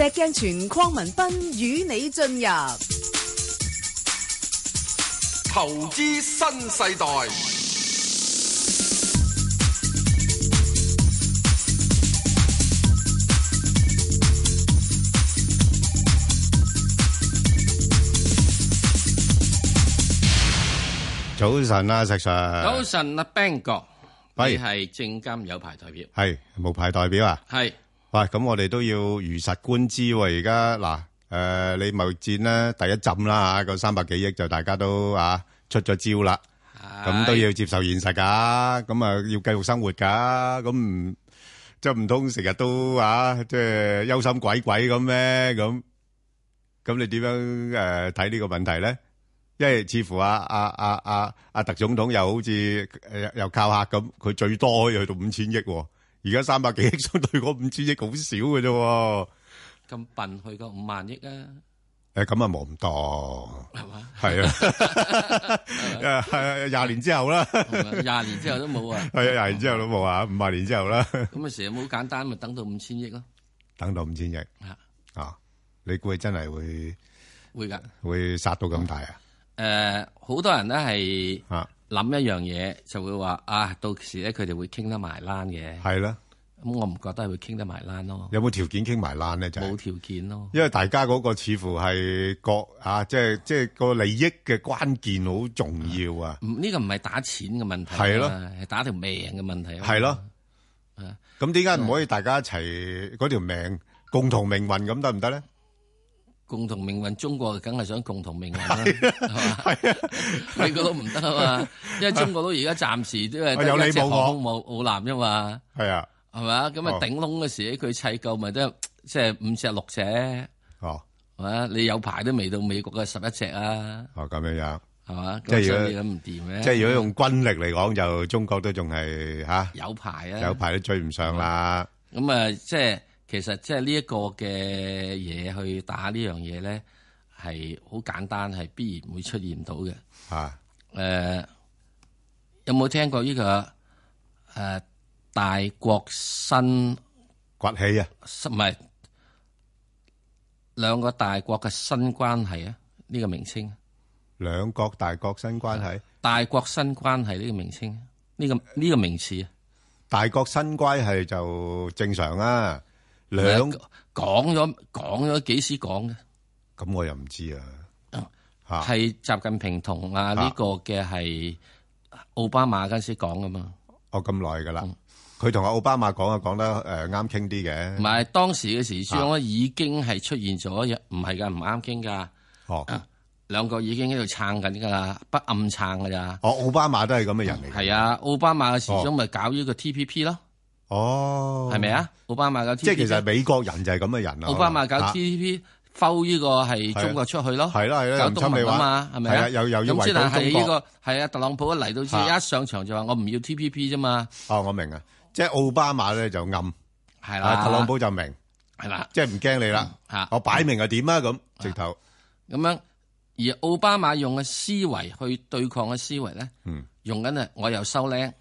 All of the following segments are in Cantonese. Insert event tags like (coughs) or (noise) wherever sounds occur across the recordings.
石鏡泉鄺文斌與你進入投資新世代。早晨啊，石 Sir。早晨啊，Ben 哥，你係證監有牌代表？係冇牌代表啊？係。喂，咁我哋都要如實觀之喎。而家嗱，誒，你貿易戰咧第一浸啦吓，個三百幾億就大家都啊出咗招啦，咁都要接受現實噶，咁啊要繼續生活噶，咁唔即係唔通成日都啊即係憂心鬼鬼咁咩？咁咁你點樣誒睇呢個問題咧？因為似乎阿阿阿阿阿特總統又好似誒又靠客咁，佢最多可以去到五千億。現在而家三百幾億相對嗰五千億好少嘅啫，咁笨去到五萬億啊？誒，咁啊冇咁多係嘛？係啊，誒、欸，係廿、啊 (laughs) (laughs) 啊、年之後啦、啊，廿、啊、年之後都冇啊？係啊，廿年之後都冇啊？五、啊、萬年之後啦？咁啊，成日好簡單，咪等到五千億咯、啊？等到五千億啊啊！你估真係會會噶？會殺到咁大啊？誒、呃，好多人都係啊。諗一樣嘢，就會話啊，到時咧佢哋會傾得埋欄嘅。係啦。咁我唔覺得係會傾得埋欄咯。有冇條件傾埋欄咧？就冇條件咯。因為大家嗰個似乎係各啊，即係即係個利益嘅關鍵，好重要啊。呢、呢個唔係打錢嘅問題、啊，係打條命嘅問題、啊。係咯。啊！咁點解唔可以大家一齊嗰條命共同命運咁得唔得咧？共同命運，中國梗係想共同命運啦，係嘛？美國都唔得啊嘛，因為中國都而家暫時都係得一隻航空母母艦啫嘛。係啊，係嘛？咁啊頂籠嗰時，佢砌夠咪都即係五隻六隻，係嘛？你有排都未到美國嘅十一隻啊。哦，咁樣樣係嘛？即係如果咁唔掂咧，即係如果用軍力嚟講，就中國都仲係嚇有排啊，有排都追唔上啦。咁啊，即係。其實即係呢一個嘅嘢去打呢樣嘢咧，係好簡單，係必然會出現到嘅嚇。誒有冇聽過呢個誒大國新崛起啊？唔係兩個大國嘅新關係啊？呢個名稱啊？兩國大國新關係，大國新關係呢個名稱呢個呢個名詞啊？大國新關係就正常啊！兩個講咗講咗幾時講嘅？咁我又唔知啊。係習近平同啊呢個嘅係奧巴馬嗰時講噶嘛？哦，咁耐噶啦。佢同阿奧巴馬講、呃、啊，講得誒啱傾啲嘅。唔係當時嘅時，始終已經係出現咗，唔係噶，唔啱傾噶。哦，兩、啊、個已經喺度撐緊噶啦，不暗撐噶咋？哦，奧巴馬都係咁嘅人嚟。係、嗯、啊，奧巴馬嘅始終咪、哦、搞呢個 T P P 咯。哦，係咪啊？奧巴馬搞、TPP、即係其實美國人就係咁嘅人啊。奧巴馬搞 TPP 拋呢個係中國出去咯，係啦係啦，搞嘛係咪？係啊，又又因為呢個係啊，特朗普一嚟到之、啊、一上場就話我唔要 TPP 啫嘛。哦，我明啊，即係奧巴馬咧就暗，係啦、啊啊，特朗普就明，係啦、啊，即係唔驚你啦。吓、啊，我擺明就點啊咁，直頭咁樣。而奧巴馬用嘅思維去對抗嘅思維咧、啊，用緊啊我又收呢。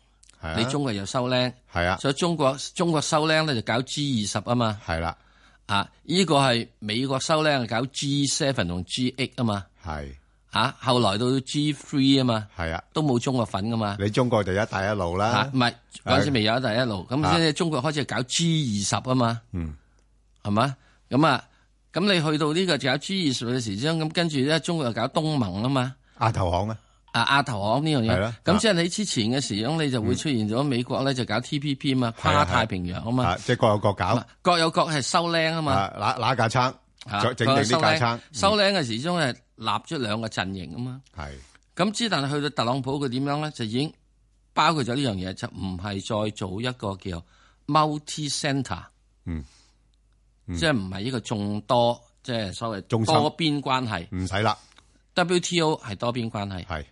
啊、你中國又收僆，係啊，所以中國中國收僆咧就搞 G 二十啊嘛，係啦、啊，啊，呢個係美國收僆搞 G seven 同 G eight 啊嘛，係、啊，啊，後來到 G three 啊嘛，係啊，都冇中國份噶嘛，你中國就一帶一路啦，唔係嗰陣時未有一帶一路，咁、啊、所以中國開始搞 G 二十啊嘛，嗯，係嘛，咁啊，咁你去到呢個搞 G 二十嘅時候，咁跟住咧中國又搞東盟啊嘛，亞投行啊。啊！亞投行呢樣嘢，咁即係你之前嘅時候，你就會出現咗美國咧就搞 TPP 嘛，嗯、跨太平洋啊嘛，即係各有各搞，各有各係收靚啊嘛，嗱嗱架撐，整定啲架撐，收靚嘅、嗯、時候係立咗兩個陣營啊嘛，係咁之，但係去到特朗普佢點樣咧，就已經包括咗呢樣嘢，就唔係再做一個叫 multi centre，嗯，即係唔係呢個眾多，即、就、係、係、所謂多邊關係，唔使啦，WTO 係多邊關係係。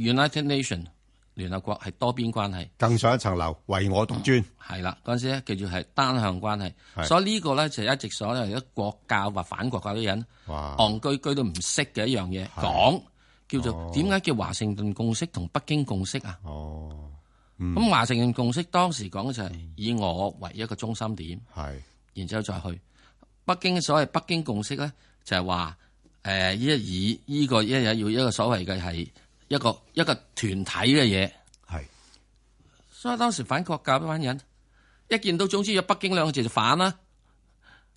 United Nations 聯合國係多邊關係，更上一層樓，為我獨尊係啦。嗰、嗯、陣時咧，叫做係單向關係，所以呢個咧就係、是、一直所咧，有國教或反國教啲人戇居居都唔識嘅一樣嘢講叫做點解叫華盛頓共識同北京共識啊？哦，咁華盛頓共識當時講嘅就係以我為一個中心點，係然之後再去北京，所謂北京共識咧就係話誒，一以依個一日要一個所謂嘅係。一個一個團體嘅嘢，係，所以當時反國教嗰班人一見到總之有北京兩個字就反啦，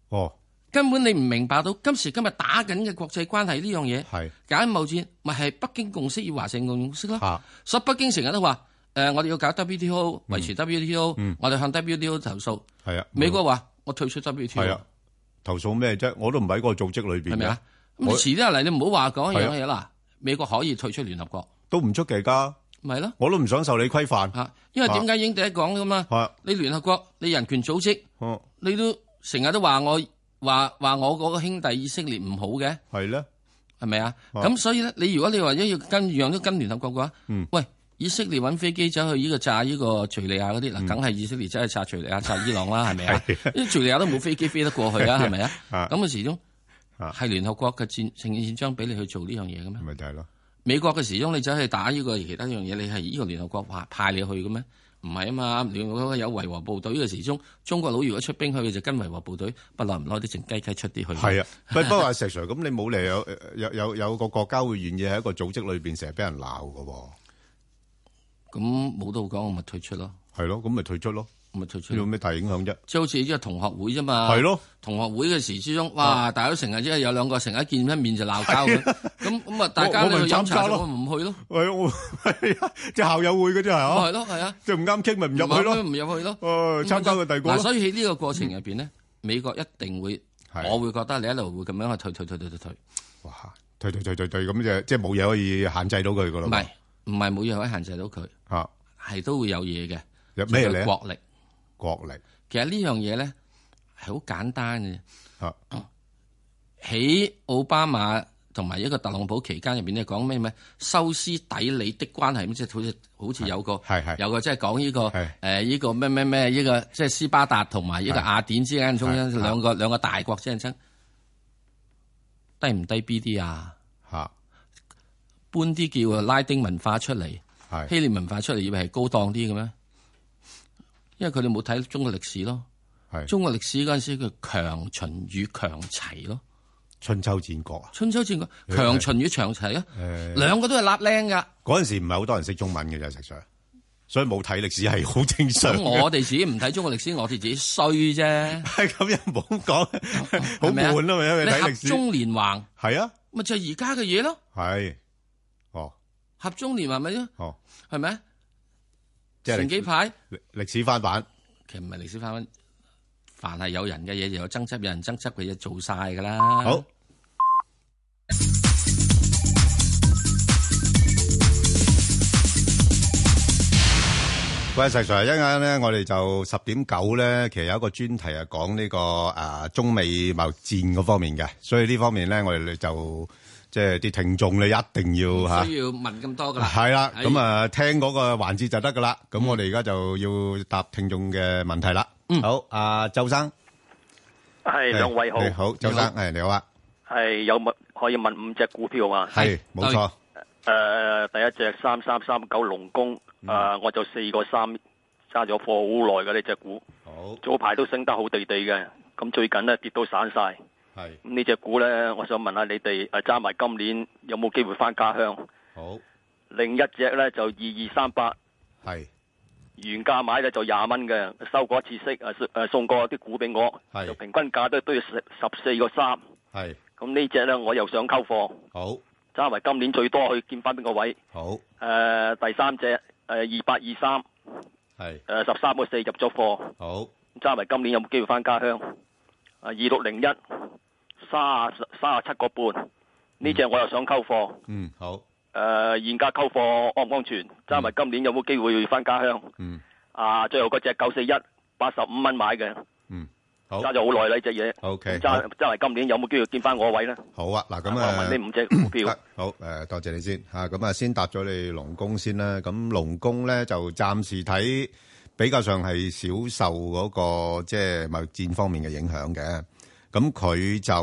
哦，根本你唔明白到今時今日打緊嘅國際關係呢樣嘢，係，搞貿易戰咪係、就是、北京共識與華盛頓共識咯，所以北京成日都話，誒、呃，我哋要搞 WTO，維持 WTO，、嗯、我哋向 WTO 投訴，係、嗯、啊、嗯，美國話我退出 WTO，、啊啊、投訴咩啫，我都唔喺嗰個組織裏邊，係咪啊，咁遲啲嚟你唔好話講呢樣嘢啦。美國可以退出聯合國，都唔出奇噶。咪咯，我都唔想受你規範、啊、因為點解應第一講噶嘛？你聯合國，你人權組織，啊、你都成日都話我話話我嗰個兄弟以色列唔好嘅。係咧，係咪啊？咁所以咧，你如果你話一要跟樣都跟聯合國嘅話、嗯，喂，以色列搵飛機走去呢個炸呢個敍利亞嗰啲梗係以色列真係炸敍利亞、炸伊朗啦，係咪啊？因為敍利亞都冇飛機飛得過去啊，係咪啊？咁嘅時鐘。係聯合國嘅戰戰爭章俾你去做呢、就是、樣嘢嘅咩？咪就係咯。美國嘅時鐘你走去打呢個其他樣嘢，你係呢個聯合國派派你去嘅咩？唔係啊嘛。聯合國有維和部隊嘅個時鐘，中國佬如果出兵去，就跟維和部隊不漏唔攞啲靜雞雞出啲去。係啊。 (laughs) 不過阿石 Sir 咁，你冇理由有有有有個國家會願意喺一個組織裏邊成日俾人鬧嘅？咁冇得好講，我咪退出咯。係咯、啊，咁咪退出咯。咁啊，退出有咩大影響啫？即係好似即係同學會啫嘛。係咯，同學會嘅時之中，哇，大家都成日即係有兩個成日見一面就鬧交咁。咁咁啊，大家我咪參加咯，唔去咯。係我係啊，即係校友會嘅啫，係啊。係咯，係啊。即係唔啱傾，咪唔入去咯。唔入去咯。誒，參加個第個。嗱，所以喺呢個過程入邊咧，美國一定會，我會覺得你一路會咁樣去退退退退退退。哇，退退退退退咁就即係冇嘢可以限制到佢噶咯。唔係，唔係冇嘢可以限制到佢。吓，係都會有嘢嘅。有咩咧？國力。國力，其實呢樣嘢咧係好簡單嘅。喺、啊、奧巴馬同埋一個特朗普期間入面，你講咩咩？修斯底里的關係，即、就、係、是、好似好似有個，有個即係講呢個誒呢個咩咩咩呢個，即係、呃這個就是、斯巴達同埋呢個雅典之間，中央兩個兩個大國之間低唔低 B d 啊？吓，搬啲叫拉丁文化出嚟，希臘文化出嚟，以為係高檔啲嘅咩？因為佢哋冇睇中國歷史咯，中國歷史嗰陣時佢強秦與強齊咯，春秋戰國啊，春秋戰國強秦與強齊咯，兩個都係立靚噶。嗰陣時唔係好多人識中文嘅就咋，其實，所以冇睇歷史係好正常。咁我哋自己唔睇中國歷史，我哋自己衰啫。係咁唔好講，好悶咯，因為睇歷史。合縱連橫係啊，咪就係而家嘅嘢咯。係，哦，合縱連橫係咪咯，係、哦、咪？即係前幾排歷史翻版。其實唔係歷史翻版，凡係有人嘅嘢，又有爭執，有人爭執嘅嘢做晒噶啦。好，喂，石 Sir，一陣間咧，我哋就十點九咧，其實有一個專題係講呢個誒中美貿易戰嗰方面嘅，所以呢方面咧，我哋就。即係啲聽眾咧，一定要吓，唔需要問咁多噶啦。係啦，咁啊聽嗰個環節就得噶啦。咁我哋而家就要答聽眾嘅問題啦。嗯，好，阿周生，係兩位好，好，周生，係你好啊。係有問可以問五隻股票嘛？係，冇錯。誒，第一隻三三三九龍工，誒，我就四個三揸咗貨好耐嘅呢隻股，好早排都升得好地地嘅，咁最近咧跌到散晒。係，呢隻股咧，我想問下你哋，誒揸埋今年有冇機會翻家鄉？好，另一隻咧就二二三八，係原價買咧就廿蚊嘅，收過一次息，誒、啊、誒送過啲股俾我，就平均價都都要十四個三，係，咁呢隻咧我又想溝貨，好，揸埋今年最多去見翻邊個位？好，誒、呃、第三隻誒二八二三，係、呃，誒十三個四入咗貨，好，揸埋今年有冇機會翻家鄉？啊二六零一。三啊三啊七個半，呢隻我又想溝貨。嗯，好。誒，現價溝貨安唔安全？揸埋今年有冇機會返家鄉？嗯。啊，最後嗰隻九四一八十五蚊買嘅。嗯，好。揸咗好耐啦呢隻嘢。O K。揸揸埋今年有冇機會見返我位咧？好啊，嗱咁啊，問你五隻股票。好，誒，多謝你先吓，咁啊，先答咗你龍工先啦。咁龍工咧就暫時睇比較上係少受嗰個即係貿易戰方面嘅影響嘅。咁佢就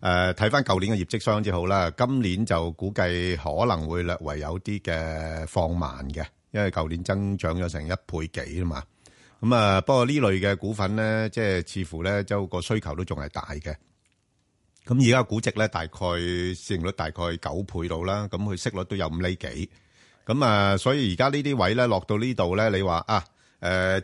誒睇翻舊年嘅業績相當之好啦，今年就估計可能會略為有啲嘅放慢嘅，因為舊年增長咗成一倍幾啊嘛。咁啊，不過呢類嘅股份咧，即係似乎咧，就個需求都仲係大嘅。咁而家估值咧，大概市盈率大概九倍到啦，咁佢息率都有五厘幾。咁啊，所以而家呢啲位咧落到呢度咧，你話啊，誒？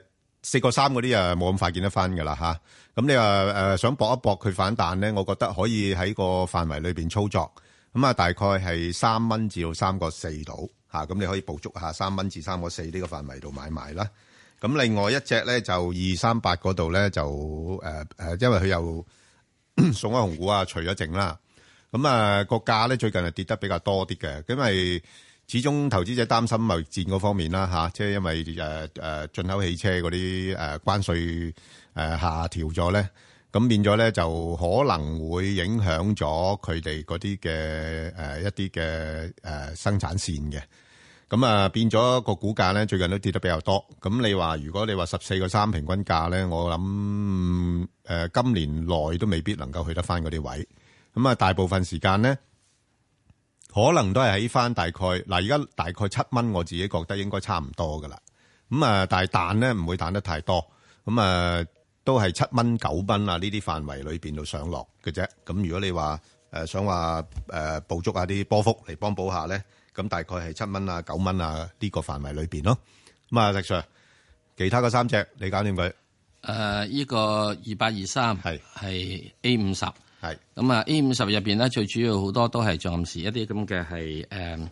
四個三嗰啲啊，冇咁快見得翻㗎啦吓。咁你話、呃、想搏一搏佢反彈咧，我覺得可以喺個範圍裏面操作。咁啊，大概係三蚊至到三個四度吓。咁你可以捕捉下三蚊至三個四呢個範圍度買賣啦。咁另外一隻咧就二三八嗰度咧就誒、呃、因為佢又 (coughs) 送緊紅股啊，除咗淨啦。咁、那、啊個價咧最近係跌得比較多啲嘅，咁咪。始終投資者擔心貿易戰嗰方面啦嚇，即係因為誒誒進口汽車嗰啲誒關稅誒下調咗咧，咁變咗咧就可能會影響咗佢哋嗰啲嘅誒一啲嘅誒生產線嘅，咁啊變咗個股價咧最近都跌得比較多。咁你話如果你話十四個三平均價咧，我諗誒今年內都未必能夠去得翻嗰啲位。咁啊大部分時間咧。可能都係喺翻大概嗱，而家大概七蚊，我自己覺得應該差唔多噶啦。咁啊，但係彈咧唔會彈得太多，咁啊都係七蚊九蚊啊呢啲範圍裏面度上落嘅啫。咁如果你話想話誒補足下啲波幅嚟幫補下咧，咁大概係七蚊啊九蚊啊呢個範圍裏面咯。咁、呃、啊，李 Sir，其他嗰三隻你搞掂佢。誒，依個二八二三係係 A 五十。係咁啊 A 五十入邊咧，最主要好多都係暫時一啲咁嘅係誒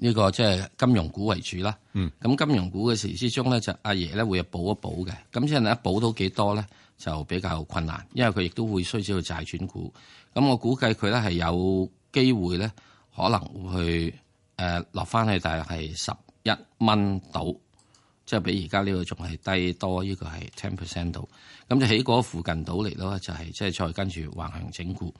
呢個即係金融股為主啦。嗯，咁金融股嘅時之中咧，就阿爺咧會補一補嘅。咁即係一補到幾多咧，就比較困難，因為佢亦都會需要債轉股。咁我估計佢咧係有機會咧，可能會誒落翻去，呃、落去大約係十一蚊到。即係比而家呢個仲係低多，呢、呢個係 ten percent 度咁就喺嗰附近度嚟咯，就係即係再跟住橫行整固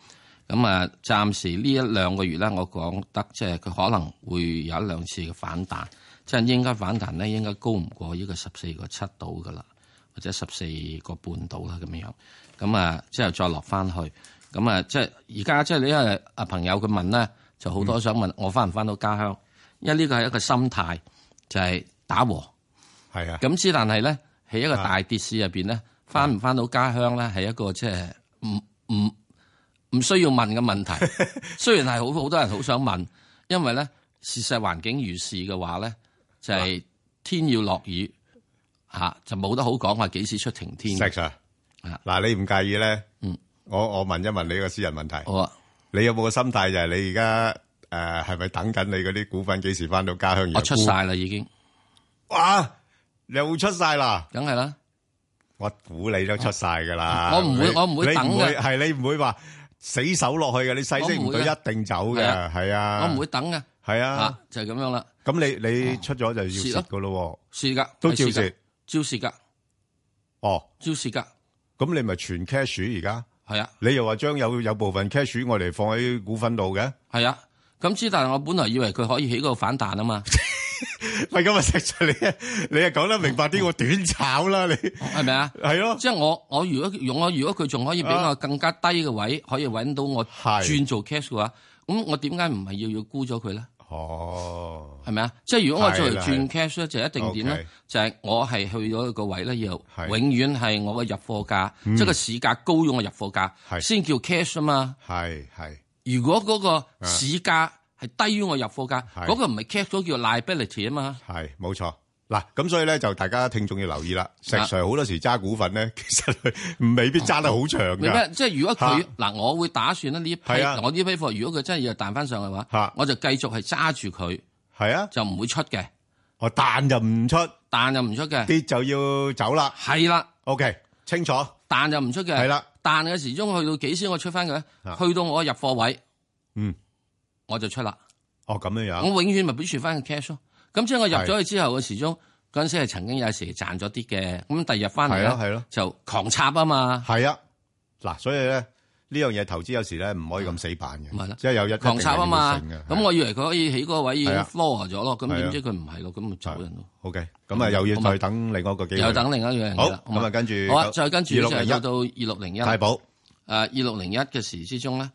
咁啊。暫時呢一兩個月咧，我講得即係佢可能會有一兩次嘅反彈，即、就、係、是、應該反彈咧，應該高唔過呢個十四個七度㗎啦，或者十四個半度啦咁樣。咁啊，之後再落翻去咁啊，即係而家即係你啊啊朋友佢問咧，就好多想問我翻唔翻到家鄉，嗯、因為呢個係一個心態就係、是、打和。係啊，咁之，但係咧喺一個大跌市入邊咧，翻唔翻到家鄉咧，係、啊、一個即係唔唔唔需要問嘅問題。 (laughs) 雖然係好好多人好想問，因為咧事實環境如是嘅話咧，就係、是、天要落雨吓、啊啊，就冇得好講話幾時出晴天。Sir 嗱、啊，你唔介意咧？嗯，我我問一問你一個私人問題。好啊，你有冇個心態？就、呃、係你而家誒，係咪等緊你嗰啲股份幾時翻到家鄉？我出晒啦，已經哇！啊又出晒啦，梗係啦，我估你都出晒噶啦。我唔會,會，我唔會等嘅，係你唔會話死守落去嘅，你細聲，唔到、啊、一定走嘅，係啊,啊,啊。我唔會等嘅，係啊,啊，就係、是、咁樣啦。咁、啊、你你出咗就要蝕噶咯，蝕、啊、噶，都照蝕，照蝕噶。哦，照蝕噶。咁、啊、你咪全 cash 而家？係啊。你又話將有有部分 cash 我哋放喺股份度嘅？係啊。咁之但係我本來以為佢可以起個反彈啊嘛。喂，咁啊！食咗你啊，你啊講得明白啲，我短炒啦，你係咪啊？係 (laughs) 咯、啊，即係我我如果用我如果佢仲可以俾我更加低嘅位、啊，可以搵到我轉做 cash 嘅話，咁、啊、我點解唔係要要沽咗佢咧？哦，係咪啊？即係如果我作為轉 cash 咧，就一定點咧、啊啊？就係、是、我係去咗個位咧，要永遠係我嘅入貨價，即係個市價高咗我入貨價，先叫 cash 啊嘛。係係、啊，如果嗰個市價。係低於我入貨價，嗰、那個唔係 cut 咗叫 liability 啊嘛。係冇錯，嗱咁所以咧就大家聽眾要留意啦、啊。石 Sir 好多時揸股份咧，其實佢未必揸得好長。嘅、啊。即係如果佢嗱、啊，我會打算咧呢批、啊、我呢批貨，如果佢真係要彈翻上嘅話、啊，我就繼續係揸住佢。係啊，就唔會出嘅。我彈就唔出，彈就唔出嘅。跌就要走啦。係啦、啊啊，OK，清楚。彈就唔出嘅。係啦、啊，彈嘅時候去到幾時我出翻佢咧？去到我入貨位，嗯。我就出啦，哦咁樣樣，我永遠咪保持翻個 cash 咯。咁即係我入咗去之後，嘅時中嗰陣時係曾經有時賺咗啲嘅。咁第二日翻嚟，係咯係咯，就狂插啊嘛。係啊，嗱，所以咧呢樣嘢、這個、投資有時咧唔可以咁死板嘅、啊，即係有日狂插啊嘛。咁、啊、我以為佢可以起嗰個位已經 floor 咗咯，咁點、啊、知佢唔係咯，咁咪、啊、走人咯、啊。OK，咁啊又要再等另外一個機會，又等另外一個好啦。咁啊跟住，好，好就跟好啊、再跟住就入到二六零一。太保，誒二六零一嘅時之中咧。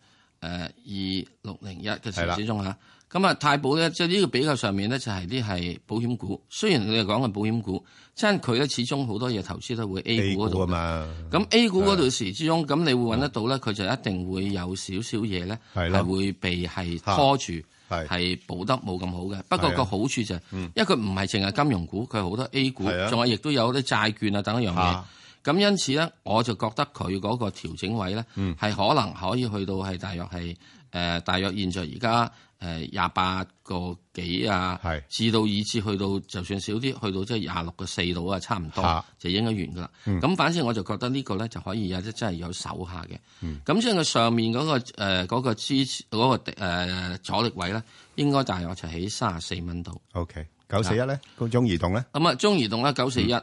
誒、uh,，二六零一嘅時之中，咁啊太保咧，即係呢個比較上面咧就係啲係保險股，雖然佢哋講嘅保險股，即係佢咧始終好多嘢投資都會 A 股嗰度啊嘛。咁 A 股嗰度時之中，咁你會搵得到咧，佢就一定會有少少嘢咧係會被係拖住，係保得冇咁好嘅。不過個好處就係，因為佢唔係淨係金融股，佢好多 A 股，仲有亦都有啲債券啊等一樣嘢。咁因此咧，我就覺得佢嗰個調整位咧，係、嗯、可能可以去到係大約係、呃、大約現在而家誒廿八個幾啊，至到以至去，去到就算少啲，去到即係廿六個四度啊，差唔多就應該完噶啦。咁、嗯、反正我就覺得個呢個咧就可以有真係有手下嘅。咁即係佢上面嗰、那個誒嗰、呃那個、支嗰、那個、呃、阻力位咧，應該大約就喺三十四蚊度。O K. 九四一咧，嗰中移動咧，咁啊，中移動咧九四一。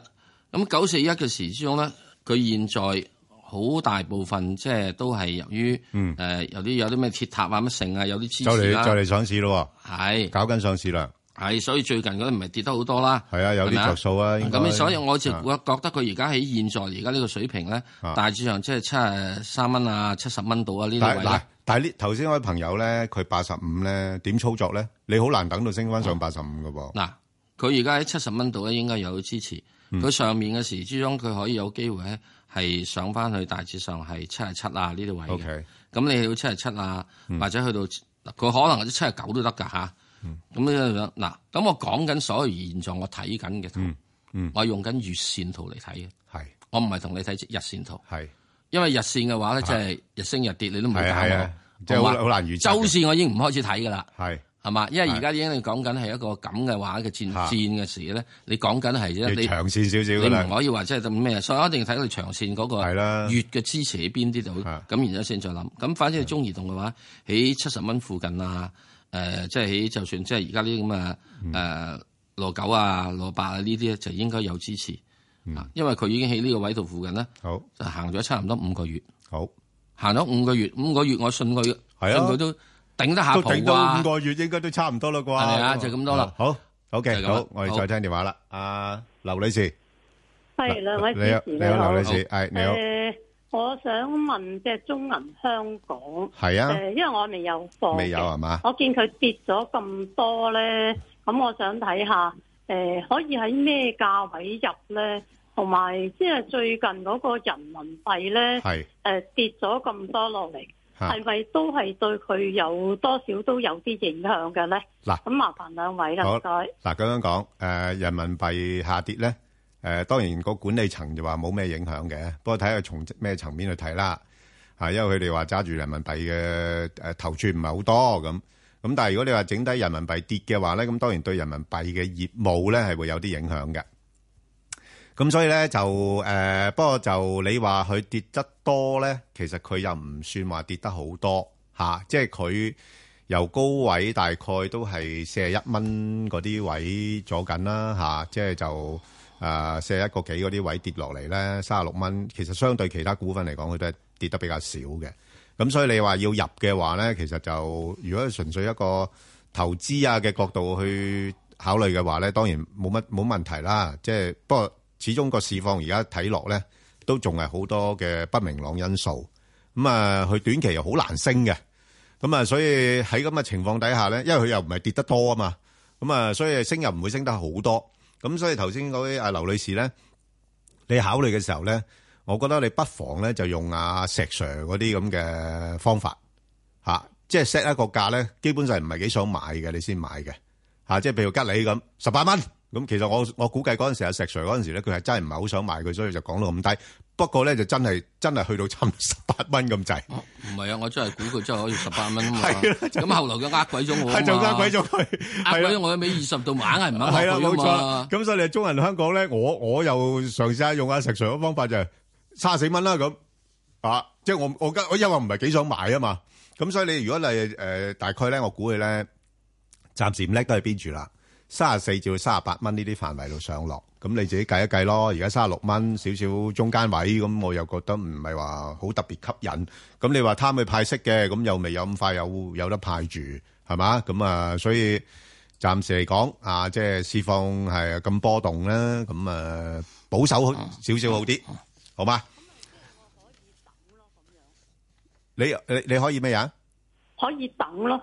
咁九四一嘅時之中咧，佢現在好大部分即係都係由於誒、嗯呃、有啲有啲咩鐵塔啊、乜城啊，有啲支持再嚟，再嚟上市咯、哦，係搞緊上市啦。係，所以最近嗰啲唔係跌得好多啦。係啊，有啲着數啊。咁所以我就覺覺得佢而家喺現在而家呢個水平咧、啊，大致上即係七十三蚊啊，七十蚊度啊呢啲位。但係，但係呢頭先嗰位朋友咧，佢八十五咧點操作咧？你好難等到升翻上八十五噶噃。嗱、啊，佢而家喺七十蚊度咧，應該有支持。佢上面嘅時，之中佢可以有機會咧，係上翻去大致上係七十七啊呢啲位嘅。咁你去到七十七啊，或者去到佢可能啲七十九都得㗎嚇。咁樣嗱，咁我講緊所有現狀，我睇緊嘅圖，我用緊月線圖嚟睇嘅。係，我唔係同你睇日線圖。係，因為日線嘅話咧，即係日升日跌，你都唔係啊。即係好難預測。周線我已經唔開始睇㗎啦。係。係嘛？因為而家已經講緊係一個咁嘅話嘅戰戰嘅事咧，你講緊係啫，你，要長一點點你，說我你長線少少，你唔可以話真係咁咩，所以一定要睇到長線嗰個月嘅支持喺邊啲度，咁然之後先再諗。咁反正你中移動嘅話，喺七十蚊附近啊，誒、呃，即係喺就算即係而家啲咁嘅誒，蘿、呃、九啊，蘿八啊呢啲咧就應該有支持，因為佢已經喺呢個位度附近啦，好，就行咗差唔多五個月，好，行咗五個月，五個月我信佢，信佢都。頂得下，都頂到五個月，應該都差唔多啦啩。係啊，就咁多啦。好，好嘅、OK，好，我哋再聽電話啦。阿劉女士，係，兩位，你好，你好，劉女士，係你好。誒、呃，我想問，即係中銀香港，係啊，誒、呃，因為我未有貨未有係嘛，我見佢跌咗咁多咧，咁我想睇下，誒、呃，可以喺咩價位入咧？同埋，即係最近嗰個人民幣咧，係誒、呃、跌咗咁多落嚟。係咪都係對佢有多少都有啲影響嘅咧？嗱，咁麻煩兩位啦，唔該。嗱咁樣講，誒、呃，人民幣下跌咧，誒、呃，當然個管理層就話冇咩影響嘅，不過睇下從咩層面去睇啦，吓，因為佢哋話揸住人民幣嘅誒頭寸唔係好多咁，咁但係如果你話整低人民幣跌嘅話咧，咁當然對人民幣嘅業務咧係會有啲影響嘅。咁所以咧就誒、呃，不過就你話佢跌得多咧，其實佢又唔算話跌得好多吓、啊、即係佢由高位大概都係四十一蚊嗰啲位咗緊啦吓，即係就誒四十一個幾嗰啲位跌落嚟咧，三十六蚊，其實相對其他股份嚟講，佢都係跌得比較少嘅。咁所以你話要入嘅話咧，其實就如果係純粹一個投資啊嘅角度去考慮嘅話咧，當然冇乜冇問題啦。即、就、係、是、不過。始終個市況而家睇落咧，都仲係好多嘅不明朗因素。咁啊，佢短期又好難升嘅。咁啊，所以喺咁嘅情況底下咧，因為佢又唔係跌得多啊嘛。咁啊，所以升又唔會升得好多。咁所以頭先嗰位啊劉女士咧，你考慮嘅時候咧，我覺得你不妨咧就用啊石 Sir 嗰啲咁嘅方法嚇，即係 set 一個價咧，基本上唔係幾想買嘅，你先買嘅嚇。即係譬如吉利咁十八蚊。咁其實我我估計嗰陣時阿石垂嗰陣時咧，佢係真係唔係好想買佢，所以就講到咁低。不過咧就真係真係去到差唔多十八蚊咁滯。唔係啊，我真係估佢真係可以十八蚊。係啦，咁後嚟佢呃鬼咗我。係就呃鬼咗佢，呃鬼咗我一尾二十度，硬係唔肯賣佢啊嘛。咁所以你中銀香港咧，我我又嘗試下用阿石垂嘅方法，就係卅四蚊啦。咁啊，即係我我今我因為唔係幾想買啊嘛。咁所以你如果你誒大概咧，我估佢咧暫時唔叻都係邊住啦。三十四至到三十八蚊呢啲範圍度上落，咁你自己計一計咯。而家三十六蚊少少中間位，咁我又覺得唔係話好特別吸引。咁你話貪佢派息嘅，咁又未有咁快有有得派住，係嘛？咁啊，所以暫時嚟講啊，即係市況係咁波動啦，咁啊保守少少好啲，好嗎？咁咪我可以等咯，咁樣。你你你可以咩啊？可以等咯。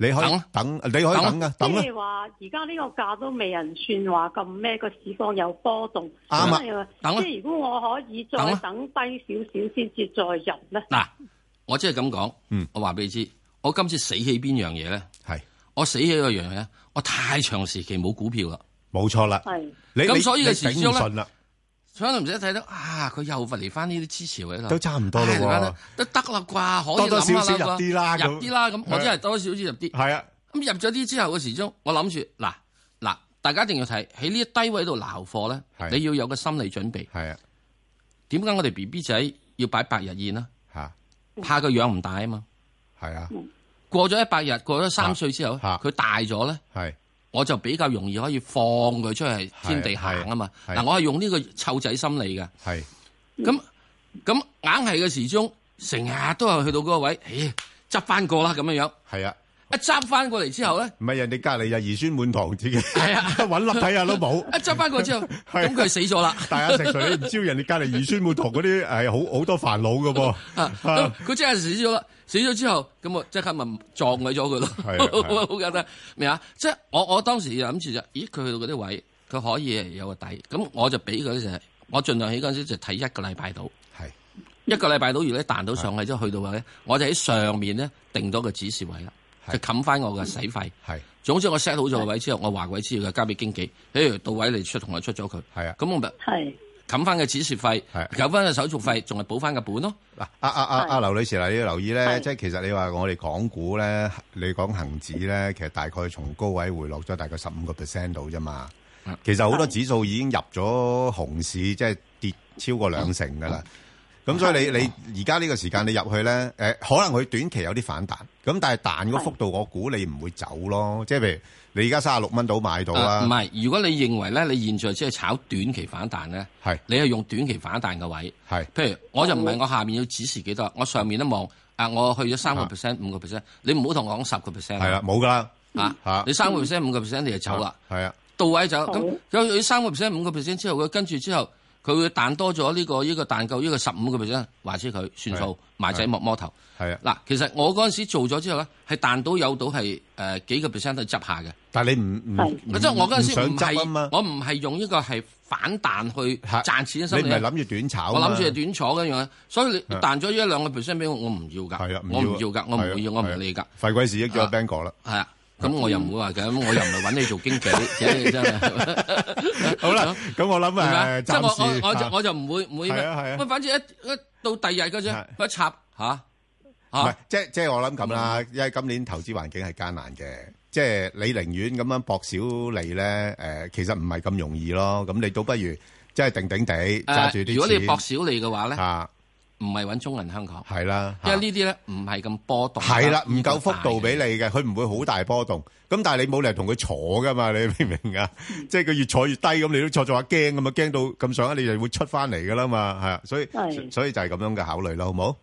你可以等，等啊，你可以等噶，等啦，啊。即係話而家呢個價都未人算話咁咩，個市況有波動。啱啊，啊，即係如果我可以再等低少少先至再入咧。嗱，啊，我只係咁講，嗯，我話俾你知，我今次死起邊樣嘢咧，係我死起個樣嘢，我太長時期冇股票啦，冇錯啦。係，咁所以嘅事之所以唔使睇到，啊，佢又嚟翻呢啲支持位喎，都差唔多啦，都得啦啩，可以諗下啦。多少少入啲啦，入啲啦，咁我真係多少少入啲。係啊，咁入咗啲之後嘅時鐘，我諗住嗱嗱，大家一定要睇喺呢個低位度撈貨咧，你要有個心理準備。係啊。點解我哋 B B 仔要擺百日宴啊？嚇！怕佢養唔大啊嘛。係啊。過咗一百日，過咗三歲之後，佢大咗咧。係。我就比較容易可以放佢出去天地行啊嘛，嗱、啊、我係用呢個臭仔心理嘅，咁咁硬係嘅時鐘成日都係去到嗰個位，咦執翻過啦咁樣樣，係啊，一執翻過嚟之後咧，唔係人哋隔籬又兒孫滿堂嘅，係啊，粒睇下都冇，一執翻過之後，咁佢、啊、死咗啦。但係實際上你唔知人哋隔籬兒孫滿堂嗰啲係好好多煩惱噶噃，佢真係死咗。啊啊死咗之後，咁我即刻咪撞鬼咗佢咯，好簡單，明啊？即係我我當時就諗住就，咦佢去到嗰啲位，佢可以有個底，咁我就俾佢就，我儘量起嗰陣時就睇一個禮拜到，係一個禮拜到，如果彈到上去之後去到嘅話呢，我就喺上面咧定咗個指示位啦，就冚翻我嘅使費，係總之我 set 好咗個位之後，我話位之嘅交俾經紀，誒到位嚟出同我出咗佢，係啊，咁我咪冚翻嘅指示費，扣翻嘅手續費，仲係補翻個本咯。嗱，阿啊啊阿、啊、劉女士嗱，你要留意咧，即係其實你話我哋港股咧，你講恒指咧，其實大概從高位回落咗大概十五個 percent 到啫嘛。其實好多指數已經入咗熊市，即係跌超過兩成噶啦。咁所以你你而家呢個時間你入去咧，誒可能佢短期有啲反彈，咁但係彈嗰幅度我估你唔會走咯。即係譬如你而家三十六蚊度買到啦。唔、啊、係，如果你認為咧，你現在即係炒短期反彈咧，係你係用短期反彈嘅位，係。譬如我就唔係我下面要指示幾多，我上面一望啊，我去咗三個 percent、五個 percent，你唔好同我講十個 percent。係啊，冇㗎啦，嚇、啊啊！你三個 percent、五個 percent 你就走啦。係啊，啊，到位走。咁有有三個 percent、五個 percent 之後，佢跟住之後。佢會彈多咗，呢個呢個彈夠呢個十五個 percent，話之佢算數，賣仔莫摸頭。係啊，嗱，其實我嗰陣時做咗之後咧，係彈到有到係誒幾個 percent 去執下嘅。但係你唔唔唔唔想執啊嘛？我唔係用呢個係反彈去賺錢嘅心理。你唔係諗住短炒，我諗住係短炒咁樣，所以你彈咗一兩個 percent 俾我，我唔要㗎。係啊，唔要唔要㗎，我唔要，我唔理㗎。費鬼事，益咗 Bang 哥啦。係啊。咁我又唔會話嘅，咁我又唔係揾你做經紀，真係。好啦，咁我諗誒暫時，即係我我我我就唔會唔會。係啊係啊，咁反正一一到第二日嗰陣，一插嚇嚇。唔係，即即係我諗咁啦，因為今年投資環境係艱難嘅，即係你寧願咁樣搏小利咧，誒，其實唔係咁容易咯。咁你倒不如即係定定地揸住啲。如果你搏小利嘅話咧嚇。唔係揾中銀香港，係啦，因為呢啲咧唔係咁波動，係啦，唔夠幅度俾你嘅，佢唔會好大波動。咁但係你冇理由同佢坐噶嘛？你明唔明啊？即係佢越坐越低咁，你都坐坐下驚咁啊！驚到咁上下，你就會出翻嚟噶啦嘛，係啊！所以所以就係咁樣嘅考慮啦，好唔好？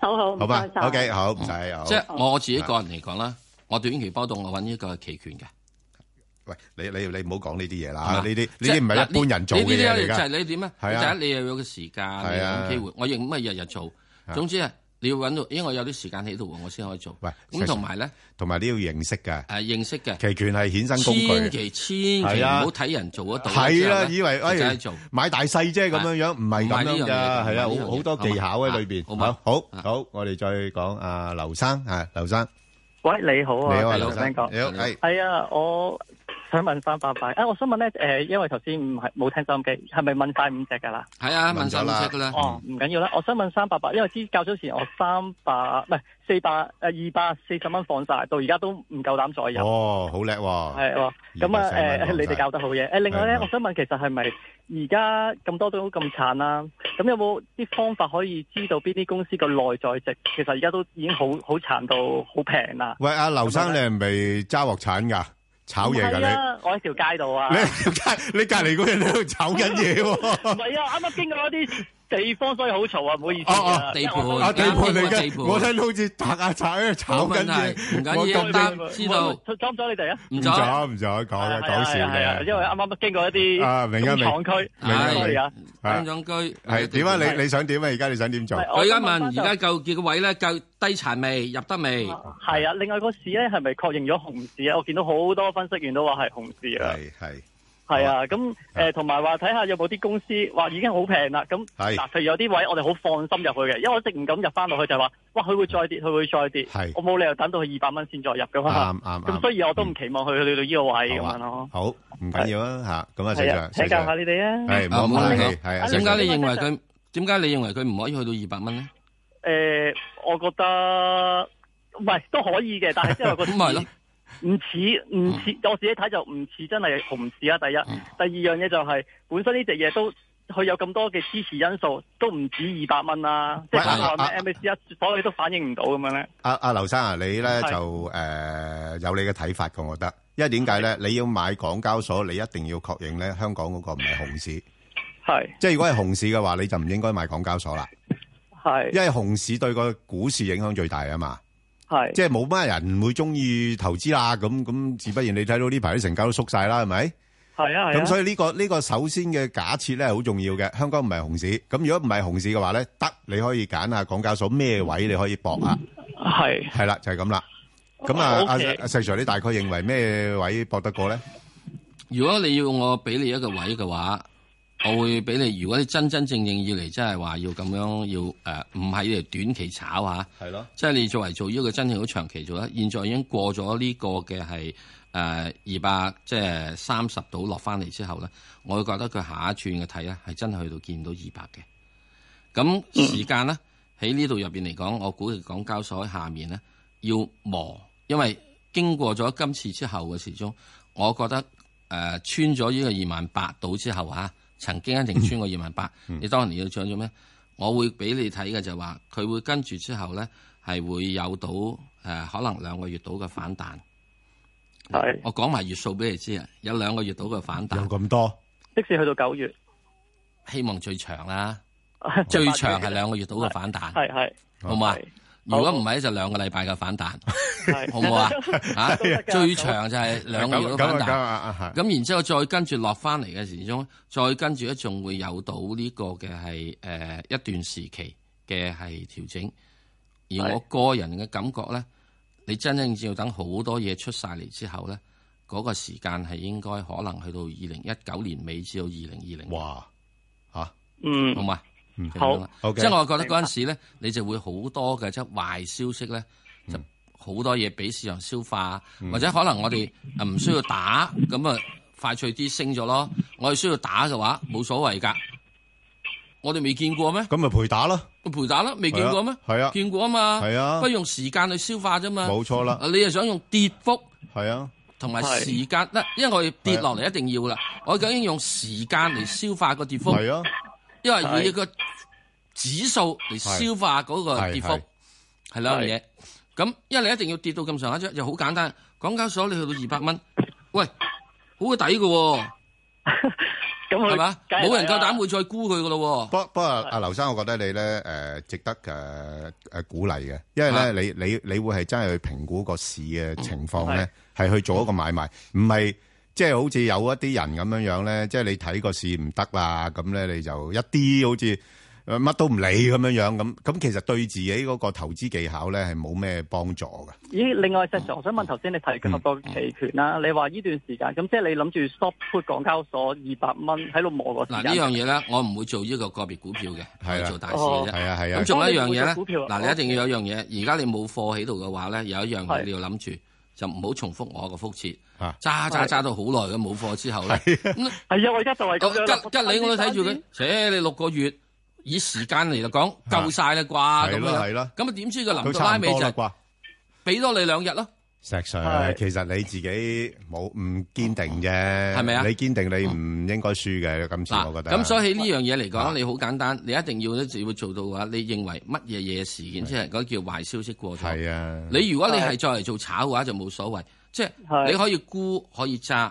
好好，好嘛，OK，好唔使，即係我自己個人嚟講啦，我短期波動我揾呢個係期權嘅。喂，你你你唔好講呢啲嘢啦，呢啲呢啲唔係一般人做嘅嘢。就係你點啊？就係你又有個時間，你揾機會，我亦唔係日日做。總之啊，你要揾到，因為我有啲時間喺度啊，我先可以做。喂，咁同埋咧，同埋你要認識噶。誒，認識嘅。期權係衍生工具。千祈千祈唔好睇人做得到。係啦，以為哎做買大細啫咁樣樣，唔係咁樣噶。係啊，好多技巧喺裏邊。好，好，好，我哋再講阿劉生啊，劉生。喂，你好啊，你好啊，劉生講。你好，係啊，我。想問三百八，啊、哎、我想問咧，誒、呃，因為頭先唔係冇聽收音機，係咪問晒五隻噶啦？係啊，問晒五啦、嗯。哦，唔緊要啦，我想問三百八，因為較早前我三百唔係四百誒、呃、二百四十蚊放晒，到而家都唔夠膽再入。哦，好叻喎！係咁啊，誒、呃，你哋教得好嘢。誒、呃，另外咧，我想問，其實係咪而家咁多都咁慘啦？咁有冇啲方法可以知道邊啲公司個內在值？其實而家都已經好好慘到好平啦。喂，阿、啊、劉生，你係咪揸鑊鏟㗎？炒嘢㗎、啊、你，我喺條街度啊， (laughs) 啊， (laughs) 啊，你條街你隔籬嗰人你喺度炒緊嘢喎，唔係啊，啱啱經過嗰啲。地方所以好嘈啊！唔好意思啊，啊哦、地盤啊，地盤嚟噶，我聽到好似拆啊拆啊炒緊係，唔緊要，知道，唔阻咗你哋啊，唔阻唔阻，講嘅講事嘅。因為啱啱經過一啲啊，港區，明啊明啊，明港區係點啊？你你想點啊？而家你想點做？我而家問，而家究竟個位咧夠低殘未？入得未？係啊，另外個市咧係咪確認咗熊市啊？我見到好多分析員都話係熊市啊，係係。係啊，咁誒、啊，同埋話睇下有冇啲公司話已經好平啦，咁嗱，譬如有啲位我哋好放心入去嘅，因為我一直唔敢入翻落去，就係話，哇，佢會再跌，佢會再跌，係，我冇理由等到佢二百蚊先再入噶嘛，啱啱。咁、嗯嗯啊嗯、所以我都唔期望佢去到呢個位咁樣咯。好，唔緊要啊。吓，咁啊，謝請教下你哋啊，係唔好客氣，係。點解、啊啊、你認為佢？點解、啊、你認為佢唔、啊、可以去到二百蚊咧？誒、呃，我覺得唔係都可以嘅，但係即係個咯。 (laughs) 唔似唔似，我自己睇就唔似真係熊市啊！第一，嗯、第二樣嘢就係、是、本身呢隻嘢都佢有咁多嘅支持因素，都唔止二百蚊啦。即係講咩 MACD，所以都反映唔到咁樣咧。阿阿劉生啊，啊生你咧就誒、呃、有你嘅睇法噶，我覺得，因為點解咧？你要買港交所，你一定要確認咧香港嗰個唔係熊市，係即係如果係熊市嘅話，你就唔應該買港交所啦。係，因為熊市對個股市影響最大啊嘛。係，是即係冇乜人唔會中意投資啦，咁咁，自不然你睇到呢排啲成交都縮晒啦，係咪？係啊，咁、啊、所以呢、呢個呢、呢個首先嘅假設咧，係好重要嘅。香港唔係熊市，咁如果唔係熊市嘅話咧，得你可以揀下港交所咩位你可以博啊？係，係啦，就係咁啦。咁啊，阿阿細 Sir，你大概認為咩位博得過咧？如果你要我俾你一個位嘅話。我會俾你，如果你真真正正要嚟，真係話要咁樣要誒，唔係嚟短期炒下，係、啊、咯，即係你作為做呢個真係好長期做咧。現在已經過咗呢個嘅係誒二百即係三十度落翻嚟之後咧，我會覺得佢下一串嘅睇咧係真係去到見到二百嘅。咁時間咧喺呢度入邊嚟講，我估計港交所喺下面咧要磨，因為經過咗今次之後嘅時鐘，我覺得誒、呃、穿咗呢個二萬八度之後吓。啊曾經一定穿過二萬八，你當年要搶咗咩？我會俾你睇嘅就係話，佢會跟住之後咧，係會有到誒、呃、可能兩個月到嘅反彈。係，我講埋月數俾你知啊，有兩個月到嘅反彈。有咁多，即使去到九月，希望最長啦、啊， (laughs) 最長係兩個月到嘅反彈。係係，好唔好啊？如果唔係就兩個禮拜嘅反彈，好唔 (laughs) 好，不好 (laughs) 啊？吓、啊，最長就係兩個月嘅反彈。咁 (laughs) 然之後再跟住落翻嚟嘅時中，再跟住咧，仲會有到呢個嘅係誒一段時期嘅係調整。而我個人嘅感覺咧，你真正要等好多嘢出晒嚟之後咧，嗰、那個時間係應該可能去到二零一九年尾，至到二零二零哇吓、啊，嗯，同埋。好，okay, 即係我覺得嗰陣時咧，你就會好多嘅即壞消息咧、嗯，就好多嘢俾市場消化、嗯，或者可能我哋唔需要打，咁、嗯、啊快脆啲升咗咯。我哋需要打嘅話，冇所謂噶。我哋未見過咩？咁咪陪打咯，陪打咯，未見過咩？係啊，啊，見過啊嘛。係啊，不如用時間去消化啫嘛。冇錯啦。你係想用跌幅係啊，同埋時間咧、啊，因為我哋跌落嚟一定要啦、啊。我究竟用時間嚟消化個跌幅係啊。因為以個指數嚟消化嗰個跌幅，係兩樣嘢。咁因為你一定要跌到咁上下，即又好簡單。港交所你去到二百蚊，喂，好抵噶，係 (laughs) 嘛？冇、啊、人夠膽會再沽佢噶咯。不不過阿劉、啊、生，我覺得你咧誒、呃，值得誒誒、呃呃呃、鼓勵嘅，因為咧、啊、你你你會係真係去評估個市嘅情況咧，係、嗯、去做一個買賣，唔係。即係好似有一啲人咁樣樣咧，即係你睇個市唔得啦，咁咧你就一啲好似乜都唔理咁樣樣咁，咁其實對自己嗰個投資技巧咧係冇咩幫助㗎。咦？另外，實在我想問頭先你提及個期權啦、嗯嗯，你話呢段時間咁，即係你諗住 stop put 港交所二百蚊喺度磨個嗱呢樣嘢咧，我唔會做呢個個別股票嘅，係、啊、做大市嘅。係啊係啊，咁仲、啊啊、有一樣嘢股票。嗱你一定要有一樣嘢，而、哦、家、okay. 你冇貨喺度嘅話咧，有一樣嘢你要諗住。就唔好重複我個覆轍，揸揸揸到好耐嘅冇貨之後咧，係啊，我而家就係吉吉你我都睇住佢，切你六個月以時間嚟嚟講夠晒啦啩？咁啦係啦，咁啊點知個臨到拉尾就俾多你兩日咯。石其實你自己冇唔堅定啫，係咪啊？你堅定你唔應該輸嘅、嗯，今次我覺得。咁、啊、所以呢樣嘢嚟講，你好簡單，你一定要咧，要做到嘅話，你認為乜嘢嘢事件是即係嗰、那個、叫壞消息過咗？係啊，你如果你係再嚟做炒嘅話，就冇所謂，是即係你可以沽可以揸。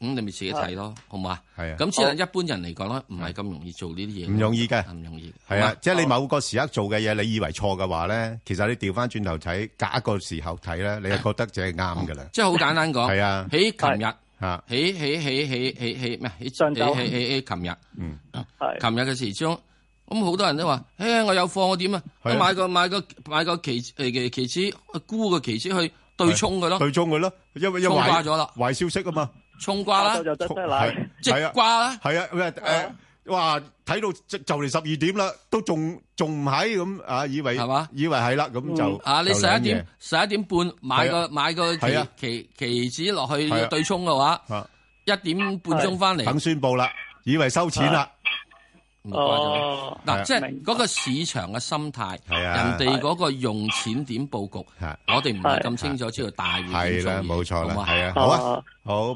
咁你咪自己睇咯，好唔好？係啊。咁其實一般人嚟講咧，唔係咁容易做呢啲嘢。唔容易嘅，唔容易。係啊，即係你某個時刻做嘅嘢，你以為錯嘅話咧，其實你調翻轉頭睇，假個時候睇咧，你又覺得就係啱㗎啦。即係好簡單講。係啊，喺琴日啊，喺喺喺喺喺喺咩？喺上周，喺喺喺琴日。嗯，係。琴日嘅時鐘，咁好多人都話：，誒，我有貨，我點啊？我買個買個買個期期期期期，沽個期指去對沖佢咯。對沖佢咯，因為因為壞咗啦，壞消息啊嘛。冲瓜啦，係啊，瓜啦，係啊，咩誒，哇，睇到就嚟十二點啦，都仲仲唔喺咁啊，以為係嘛，以為係啦，咁就啊，你十一點十一點半買個買個期期期指落去對沖嘅話，一點半鐘翻嚟，等宣布啦，以為收錢啦。哦，嗱，即係嗰個市場嘅心態，人哋嗰個用錢點布局，我哋唔係咁清楚，知道大環境。係啦，冇錯啦，係啊，好啊，好，唔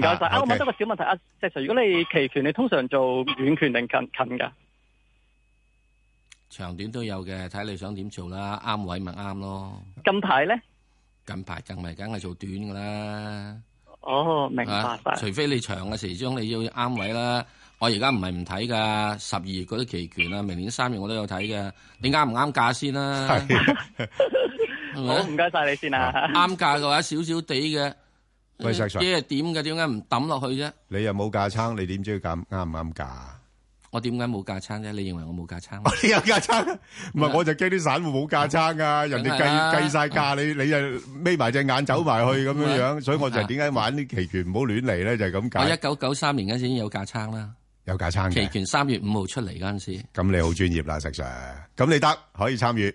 該晒。我問多個小問題啊，石 Sir，如果你期權，你通常做遠權定近近噶長短都有嘅，睇你想點做啦，啱位咪啱咯。近排咧？近排近排咪梗係做短噶啦。哦，明白晒。除非你長嘅時鐘，你要啱位啦。我而家唔係唔睇噶，十二月嗰啲期權啦，明年三月我都有睇嘅，點解唔啱價先啦？好，唔該晒你先啊！啱價嘅話，少少地嘅，喂，即係點嘅？點解唔抌落去啫？你又冇架撐，你點知佢啱啱唔啱價？我點解冇架撐啫？你認為我冇架撐？你有架撐，唔係我就驚啲散戶冇架撐噶，人哋計計晒價，你你又眯埋隻眼走埋去咁樣樣，所以我就點解玩啲期權唔好亂嚟咧？就係咁解。我一九九三年嗰陣已經有架撐啦。有架餐嘅，期權三月五號出嚟嗰陣時，咁你好專業啦，石 Sir，咁你得可以參與。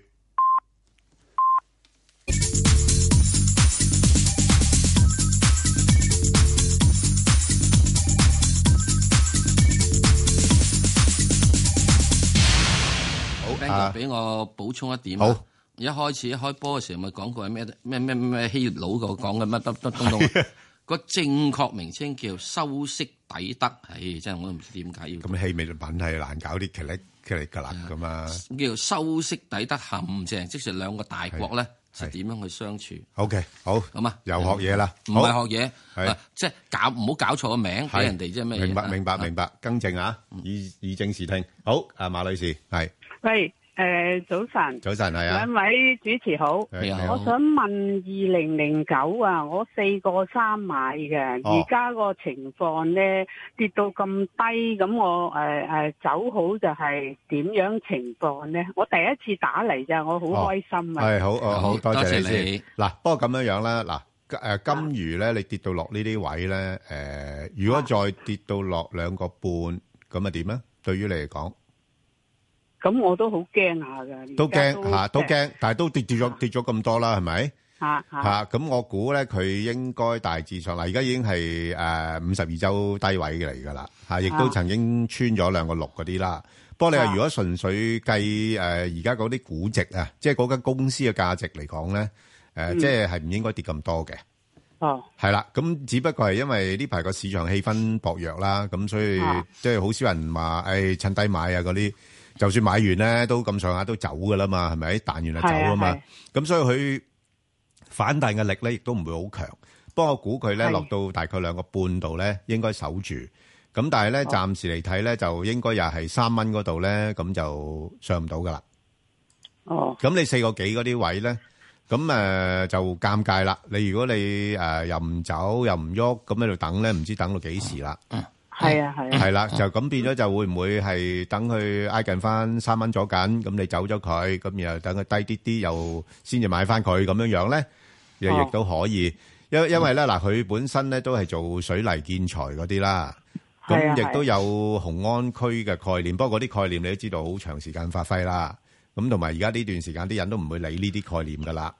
好，啊，俾我補充一點，好，一開始一開波嘅時候咪講過係咩咩咩咩希老舊講緊乜，得得東東。個正確名稱叫修昔底德，唉、哎，真係我都唔知點解要。咁氣味品係難搞啲，其噶啦噶叫修昔底德陷阱，即係兩個大國咧，係點樣去相處？O、okay, K，好，咁啊，又學嘢啦，唔、嗯、係學嘢、啊，即係搞，唔好搞錯個名俾人哋啫咩？明白，明白，明、啊、白，更正啊，嗯、以以正視聽。好，阿、啊、馬女士係。誒，早晨，早晨係啊，兩位主持好，你好，我想問二零零九啊，我四個三買嘅，而家個情況咧跌到咁低，咁我誒誒走好就係點樣情況咧？我第一次打嚟咋，我好開心啊！係好，哦，好多謝你。嗱，不過咁樣樣啦，嗱，誒，金魚咧，你跌到落呢啲位咧，誒，如果再跌到落兩個半，咁啊點咧？對於你嚟講？咁我都好驚下㗎，都驚嚇，都驚，但係都跌跌咗跌咗咁多啦，係咪嚇嚇？咁我估咧佢應該大致上啦，而家已經係誒五十二周低位嚟㗎啦，嚇，亦都曾經穿咗兩個六嗰啲啦。不過你話如果純粹計誒而家嗰啲估值啊，即係嗰間公司嘅價值嚟講咧，誒即係係唔應該跌咁多嘅哦。係啦，咁只不過係因為呢排個市場氣氛薄弱啦，咁所以即係好少人話誒趁低買啊嗰啲。就算買完咧，都咁上下都走噶啦嘛，係咪？彈完就走啊嘛，咁所以佢反彈嘅力咧，亦都唔會好強。不過我估佢咧落到大概兩個半度咧，應該守住。咁但係咧，暫時嚟睇咧，就應該又係三蚊嗰度咧，咁就上唔到噶啦。哦。咁你四個幾嗰啲位咧，咁誒就尷尬啦。你如果你誒又唔走又唔喐，咁喺度等咧，唔知等到幾時啦。係啊係啊，係啦、啊 (laughs) 啊，就咁變咗就會唔會係等佢挨近翻三蚊左緊，咁你走咗佢，咁然後等佢低啲啲又先至買翻佢咁樣樣咧，亦亦都可以，因為、哦、因為咧嗱，佢本身咧都係做水泥建材嗰啲啦，咁亦、啊、都有雄安區嘅概念，不過嗰啲概念你都知道好長時間發揮啦，咁同埋而家呢段時間啲人都唔會理呢啲概念噶啦，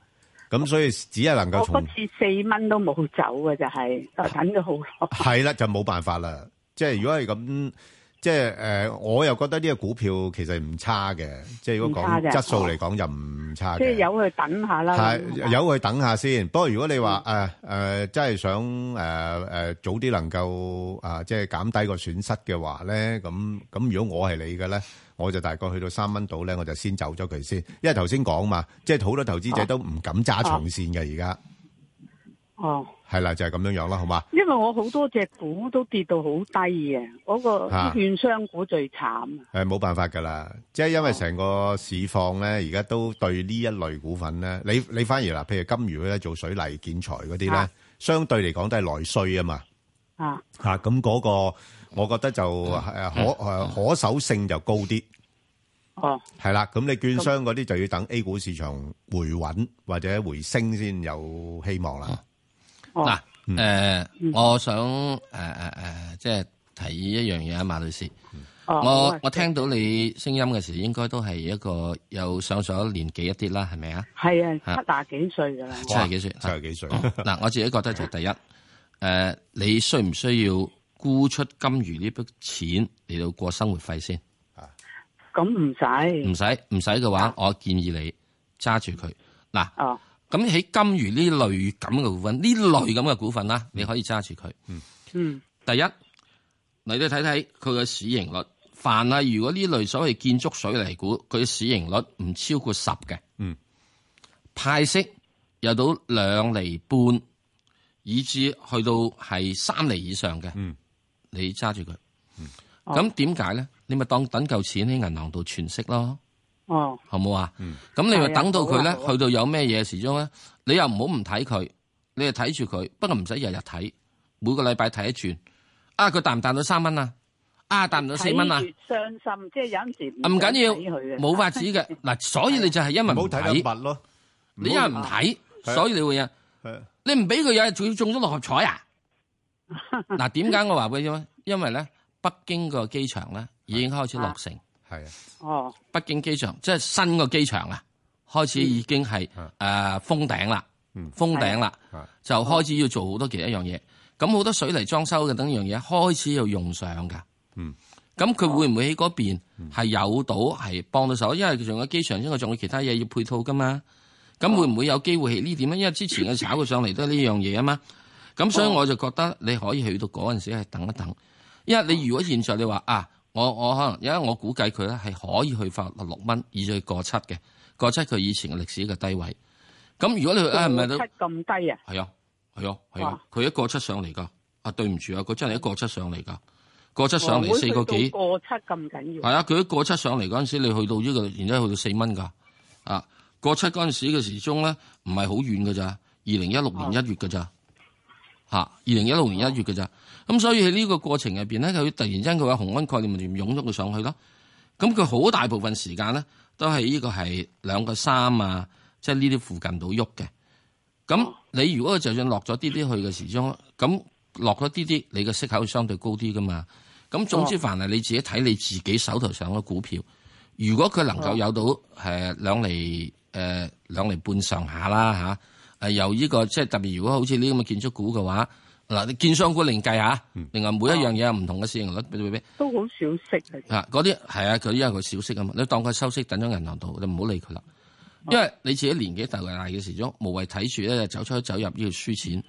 咁所以只係能夠從，四蚊都冇走嘅就係、是、等咗好耐係啦就冇辦法啦。即係如果係咁，即係誒、呃，我又覺得呢個股票其實唔差嘅。即係如果講質素嚟講就唔差嘅。即係由佢等下啦。係由佢等下先。不過如果你話誒誒，真係想誒誒、呃呃、早啲能夠啊、呃，即係減低個損失嘅話咧，咁咁如果我係你嘅咧，我就大概去到三蚊度咧，我就先走咗佢先。因為頭先講嘛，即係好多投資者都唔敢揸長綫嘅而家。哦、啊。啊啊係啦，就係咁樣樣啦，好嘛？因為我好多隻股都跌到好低嘅，嗰個券商股最慘。誒，冇辦法噶啦，即係因為成個市況咧，而家都對呢一類股份咧，你你反而嗱，譬如金魚咧做水泥建材嗰啲咧，相對嚟講都係內需啊嘛。啊，吓咁嗰個，我覺得就誒可誒可守性就高啲。哦，係啦，咁你券商嗰啲就要等 A 股市場回穩或者回升先有希望啦。嗱、哦，誒、啊嗯呃，我想誒誒誒，即係提議一樣嘢啊，馬女士，嗯、我、哦、我，我聽到你聲音嘅時候，應該都係一個有上咗年紀一啲啦，係咪啊？係啊，七廿幾歲噶啦、啊。七廿幾，幾歲，七廿幾歲。嗱、嗯啊啊啊，我自己覺得就係第一，誒、啊啊，你需唔需要沽出金魚呢筆錢嚟到過生活費先？啊，咁唔使，唔使，唔使嘅話、啊，我建議你揸住佢。嗱、啊。啊咁喺金魚呢類咁嘅股份，呢類咁嘅股份啦，嗯，你可以揸住佢。嗯，第一，你哋睇睇佢嘅市盈率。凡係如果呢類所謂建築水泥股，佢嘅市盈率唔超過十嘅，嗯，派息又到兩厘半，以至去到係三厘以上嘅，嗯，你揸住佢。嗯，咁點解咧？你咪當等夠錢喺銀行度存息咯。哦，好唔好啊？咁、嗯、你咪等到佢咧、啊，去到有咩嘢、啊，始終咧，你又唔好唔睇佢，你又睇住佢。不過唔使日日睇，每個禮拜睇一轉。啊，佢彈唔彈到三蚊啊？啊，彈唔到四蚊啊？傷心，即、就、係、是、有陣時唔。唔、啊、緊要緊，冇法子嘅。嗱， (laughs) 所以你就係因為唔睇。唔好睇物咯，你因為唔睇，所以你會啊，啊。你唔俾佢有日仲要中咗六合彩啊？嗱、 (laughs) 啊，點解我話俾你知啊？因為咧，北京個機場咧已經開始落成。係、啊、哦，北京機場即係新個機場啦，開始已經係誒封頂啦，封頂啦，嗯嗯，就開始要做好多其他樣嘢。咁好多水泥裝修嘅等樣嘢開始要用上噶。嗯，咁佢會唔會喺嗰邊係有到係幫到手？因為仲有機場因為，仲有其他嘢要配套噶嘛。咁會唔會有機會喺呢點咧？因為之前嘅炒佢上嚟都係呢樣嘢啊嘛。咁所以我就覺得你可以去到嗰陣時係等一等。因為你如果現在你話啊。我我可能，因為我估計佢咧係可以去翻六蚊，以至去過七嘅，過七佢以前嘅歷史嘅低位。咁如果你去，啊唔係都過七咁低啊？係啊，係啊，係啊，佢一過七上嚟噶。啊對唔住啊，佢真係一過七上嚟噶，過七上嚟四個幾。哦、過七咁緊要？係啊，佢一、啊、過七上嚟嗰陣時，你去到呢、呢個，然之後去到四蚊㗎。啊，過七嗰陣時嘅時鐘咧，唔係好遠㗎咋，二零一六年一月㗎咋，嚇、哦，二零一六年一月㗎咋。哦啊咁、嗯、所以喺呢個過程入邊咧，佢突然間佢話洪安概念咪湧湧咗佢上去咯。咁佢好大部分時間咧，都係呢個係兩個三啊，即係呢啲附近度喐嘅。咁你如果就算落咗啲啲去嘅時鐘，咁落咗啲啲，你嘅息口會相對高啲噶嘛？咁總之，凡係你自己睇你自己手頭上嘅股票，如果佢能夠有到係、嗯嗯嗯、兩厘誒、呃、兩厘半上下啦、啊、由呢、這個即係特別，如果好似呢咁嘅建築股嘅話。嗱，你建商股另計下，另外每一樣嘢有唔同嘅市盈率，俾、嗯、俾。都好少息嘅。嗰啲係啊，佢因為佢少息啊嘛，你當佢收息等咗銀行度，你唔好理佢啦。因為你自己年紀大嘅大嘅時鐘，無謂睇住咧走出去走入呢度輸錢。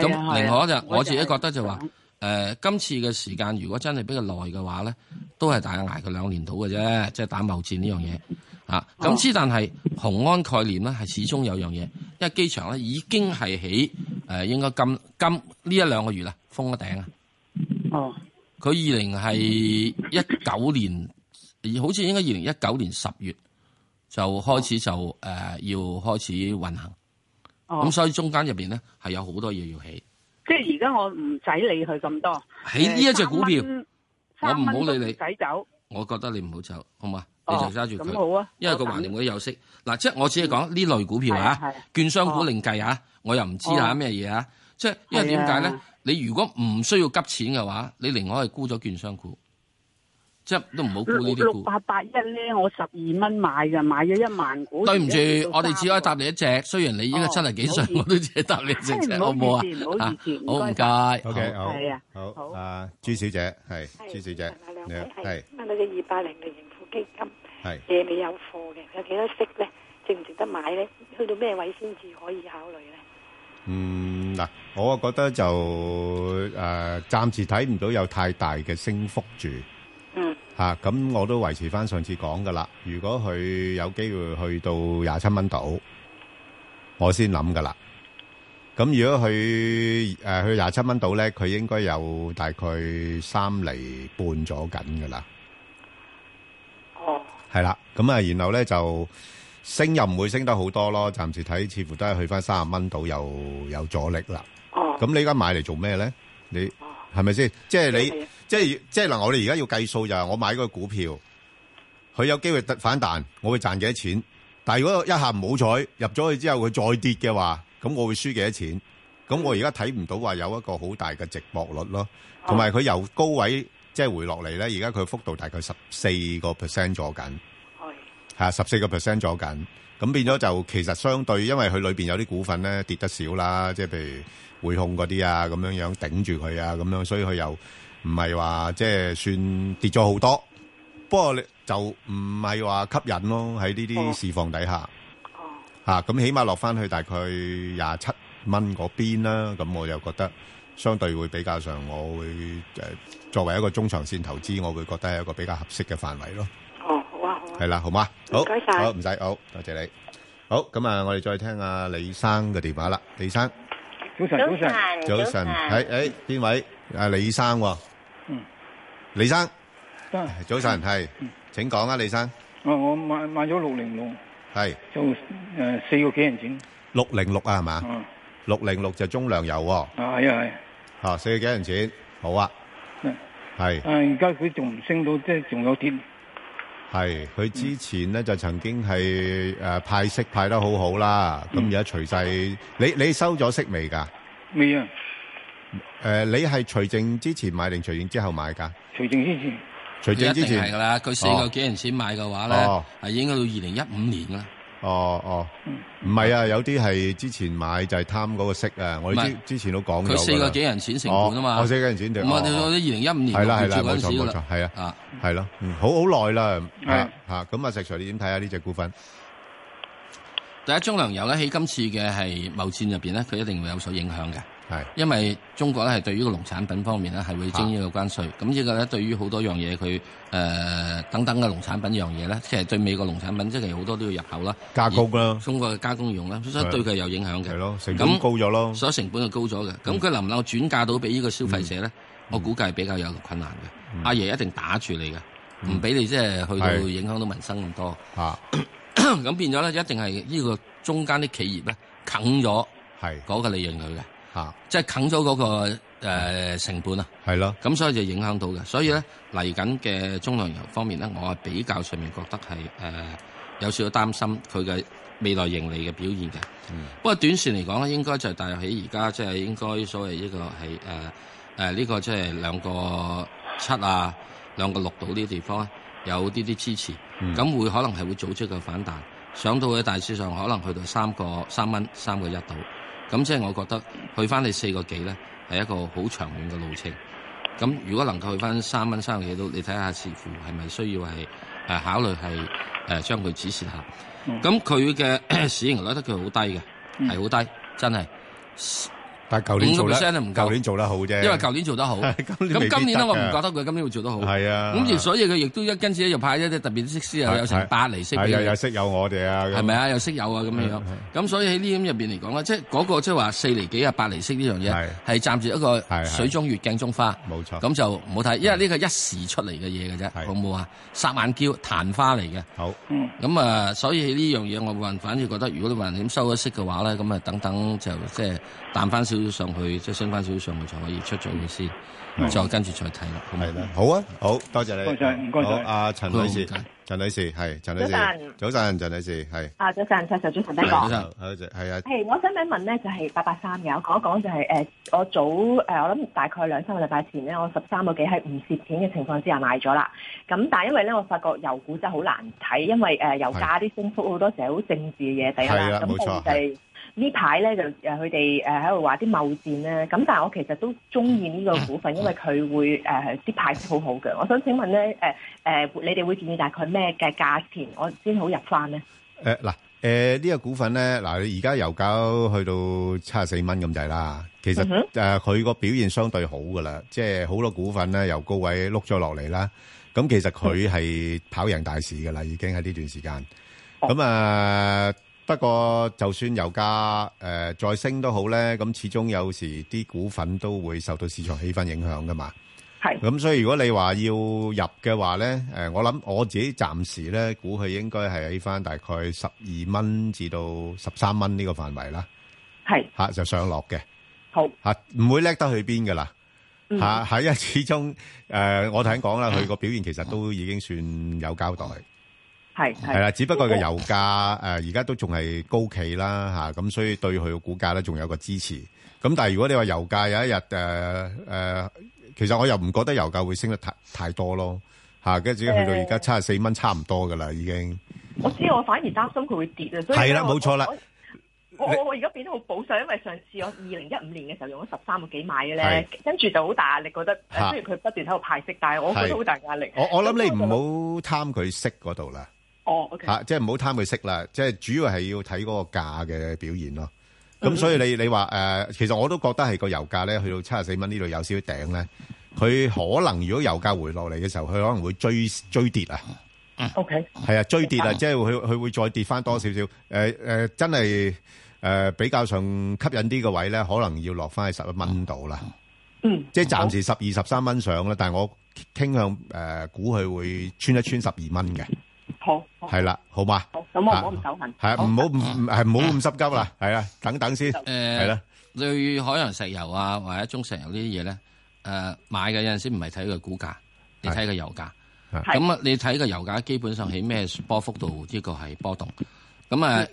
咁、啊、另外就、啊、我自己覺得就話、是，誒、呃、今次嘅時間如果真係比較耐嘅話咧，都係大家挨佢兩年到嘅啫，即、就、係、是、打貿戰呢樣嘢。啊，咁之但係雄、哦、安概念咧，係始終有樣嘢，因為機場咧已經係起誒、呃，應該今今呢一兩個月啦，封咗頂啊。哦。佢二零係一九年，好似應該二零一九年十月就開始就誒、哦呃、要開始運行。哦。咁所以中間入邊咧係有好多嘢要起。即係而家我唔使理佢咁多。起呢一隻股票，我唔好理你。唔使走。我覺得你唔好走，好嘛？你就揸住佢，因為個環境會有息。嗱、啊，即係我只係講呢類股票啊，券商股、哦、另計啊，我又唔知啊咩嘢啊，即係因為點解咧？你如果唔需要急錢嘅話，你寧可係沽咗券商股，即係都唔好沽呢啲股。六八八一咧，我十二蚊買嘅，買咗一萬股。對唔住，我哋只可以答你一隻，雖然你依家七十幾歲、哦，我都只係答你一隻、哎，好唔好啊？好唔該？OK，好啊，好。阿朱小姐係朱小姐，你好，係你嘅二八零零。基金嘢你有貨嘅，有幾多息咧？值唔值得買咧？去到咩位先至可以考慮咧？嗯，嗱，我覺得就誒暫時睇唔到有太大嘅升幅住。嗯，嚇，咁我都維持翻上次講噶啦。如果佢有機會去到廿七蚊度，我先諗噶啦。咁如果佢誒去廿七蚊度咧，佢應該有大概三厘半左緊噶啦。係啦，咁啊，然後咧就升又唔會升得好多咯，暫時睇似乎都係去翻三十蚊度，又有阻力啦。咁、oh. 你而家買嚟做咩咧？你，係係咪先？即係你，oh. 即係即係嗱，我哋而家要計數就係我買個股票，佢有機會特反彈，我會賺幾多錢。但係如果一下唔好彩，入咗去之後佢再跌嘅話，咁我會輸幾多錢。咁我而家睇唔到話有一個好大嘅值博率咯，同埋佢由高位。即係回落嚟咧，而家佢幅度大概十四個 percent 咗緊，係係十四個 percent 咗緊，咁變咗就其實相對，因為佢裏面有啲股份咧跌得少啦，即係譬如匯控嗰啲啊咁樣樣頂住佢啊咁樣，所以佢又唔係話即係算跌咗好多。不過就唔係話吸引咯，喺呢啲市況底下，咁、嗯、起碼落翻去大概廿七蚊嗰邊啦，咁我又覺得，相對會比較上，我會誒作為一個中長線投資，我會覺得係一個比較合適嘅範圍咯。哦，好啊，係啦，好嘛，好，唔該晒，好唔使，好多謝你。好，咁啊，我哋再聽下李生嘅電話啦。李生，早晨，早晨，早晨，係誒，邊位？阿李生，嗯，李生，早晨，係，請講啊，李生。啊，我買買咗六零六，係，做誒四個幾銀錢。六零六啊，係嘛？嗯，六零六就中糧油。啊，係啊，係。哦、四個幾銀錢，好啊，係。誒，而家佢仲唔升到，即係仲有添係，佢之前咧、嗯、就曾經係誒、呃、派息派得好好啦，咁而家除淨，你你收咗息未噶？未啊。誒、呃，你係除淨之前買定除淨之後買噶？除淨之前。除淨之前。係啦，佢四個幾銀錢買嘅話咧，係應該到二零一五年啦。哦哦，唔係啊，有啲係之前買就係貪嗰個色啊！我之之前都講咗啦。佢四個幾銀錢成本啊嘛，我四個幾銀錢掉啊！我哋我哋二零一五年都係最緊少啦。係啦係啦，冇錯冇錯，係啊，係咯，好好耐啦，嚇嚇咁啊！石財，你點睇下呢隻股份？第一，中糧油咧喺今次嘅貿易戰入邊咧，佢一定會有所影響嘅。係，因為中國咧係對於個農產品方面咧係會徵呢個關稅，咁呢個咧對於好多樣嘢佢誒等等嘅農產品一樣嘢咧，即係對美國農產品即係好多都要入口啦，加高啦，中國嘅加工用啦，所以對佢係有影響嘅。係咯，成本高咗咯，所以成本就高咗嘅，咁、嗯、佢能唔能夠轉嫁到俾呢個消費者咧、嗯，我估計比較有困難嘅、嗯。阿爺一定打住你嘅，唔、嗯、俾你即係去到影響到民生咁多。啊，咁變咗咧，一定係呢個中間啲企業咧啃咗嗰個利潤佢嘅。啊！即係啃咗嗰個誒、呃、成本啊，係咯，咁所以就影響到嘅。所以咧嚟緊嘅中糧油方面咧，我係比較上面覺得係誒、呃、有少少擔心佢嘅未來盈利嘅表現嘅、嗯。不過短線嚟講咧，應該就係大約喺而家即係應該所謂一個係誒誒呢個即係兩個七啊，兩個六度呢啲地方有啲啲支持，咁、嗯、會可能係會做出個反彈，上到嘅大市上可能去到三個三蚊，三個一度。咁即係我覺得去翻你四個幾咧，係一個好長遠嘅路程。咁如果能夠去翻三蚊三個幾都，你睇下似乎係咪需要係、啊、考慮係、啊、將佢指示下。咁佢嘅市盈率覺得佢好低嘅，係、嗯、好低，真係。但十 percent 都唔夠，舊年做得好啫，因為舊年做得好， (laughs) 做得好。 (laughs) 咁今年我唔覺得佢今年會做得好。係啊。咁所以佢亦都一跟住咧就派一啲特別啲息絲啊，有成八厘息，、啊、息有有息有我哋啊。係咪啊？有息有啊咁樣樣。咁所以喺呢啲入邊嚟講即係嗰個即係話四厘幾啊、八厘息呢樣嘢係攬住一個水中月、鏡中花。冇錯。咁就唔好睇，因為呢個一時出嚟嘅嘢嘅啫，好唔好啊？撒眼蕉、曇花嚟嘅。好。咁啊，所以喺呢樣嘢，我反而覺得，如果你話點收咗息嘅話咧，咁啊等等就即係淡翻少上去，即係升翻少少上去，就去就可以出咗去先，就跟再跟住再睇啦。係啦，好啊，好多謝你，唔該好，阿、啊、陳女士，陳女士係，陳女士，早晨，早晨，陳女士係。啊，早晨，實在最頭早晨，係啊。係，我想問問咧，就係八八三嘅，講一講就係、是、誒，我早誒，我諗大概兩三個禮拜前咧，我十三個幾喺唔蝕錢嘅情況之下買咗啦。咁但係因為咧，我發覺油股真係好難睇，因為誒油價啲升幅好多時係好政治嘅嘢，第一。咁呢排咧就誒佢哋誒喺度話啲貿戰咧，咁但係我其實都中意呢個股份，因為佢會誒啲派息好好嘅。我想請問咧誒、呃呃、你哋會建議大概咩嘅價錢，我先好入翻咧？誒嗱誒呢個股份咧嗱，而、呃、家由九去到七十四蚊咁就係啦。其實誒佢個表現相對好㗎啦，即係好多股份咧由高位碌咗落嚟啦。咁其實佢係跑贏大市㗎啦，已經喺呢段時間。咁、嗯、啊～、嗯呃不過就算油價，誒、呃、再升都好咧，咁始終有時啲股份都會受到市場氣氛影響噶嘛。係，咁所以如果你話要入嘅話咧，誒、呃，我諗我自己暫時咧，估佢應該係喺翻大概十二蚊至到十三蚊呢個範圍啦。係，吓、啊、就上落嘅，好吓唔、啊、會叻得去邊噶啦。吓、嗯、係啊，始終誒、呃，我聽講啦，佢個表現其實都已經算有交代。係啦，只不過個油價誒，而家都仲係高企啦吓，咁、啊、所以對佢嘅股價咧，仲有個支持。咁但係如果你話油價有一日誒誒，其實我又唔覺得油價會升得太太多咯吓，跟、啊、住去到而家七十四蚊，差唔多噶啦已經。我知，我反而擔心佢會跌啊！係啦，冇錯啦。我我我而家變得好保守，因為上次我二零一五年嘅時候用咗十三個幾買嘅咧，跟住就好大壓力，覺得雖然佢不斷喺度派息，但係我覺得好大壓力。我我諗你唔好貪佢息嗰度啦。哦，吓，即係唔好貪佢息啦。即係主要係要睇嗰個價嘅表現咯。咁、mm -hmm. 所以你你話誒、呃，其實我都覺得係個油價咧去到七十四蚊呢度有少少頂咧。佢可能如果油價回落嚟嘅時候，佢可能會追追跌啊。OK，、mm -hmm. 係啊，追跌啊，mm -hmm. 即係佢佢會再跌翻多少少誒誒、呃呃，真係誒、呃、比較上吸引啲嘅位咧，可能要落翻去十一蚊度啦。嗯、mm -hmm.，即係暫時十二十三蚊上啦，但係我傾向誒估佢會穿一穿十二蚊嘅。好係啦，好嘛？咁我唔好咁手痕，係唔好唔係唔好咁濕急啦，係啊，等等先。誒，係啦，你海洋石油啊，或者中石油呢啲嘢咧，誒，買嘅有陣時唔係睇佢股價，你睇個油價。咁啊，你睇個油價基本上喺咩波幅度呢個係波動。咁啊，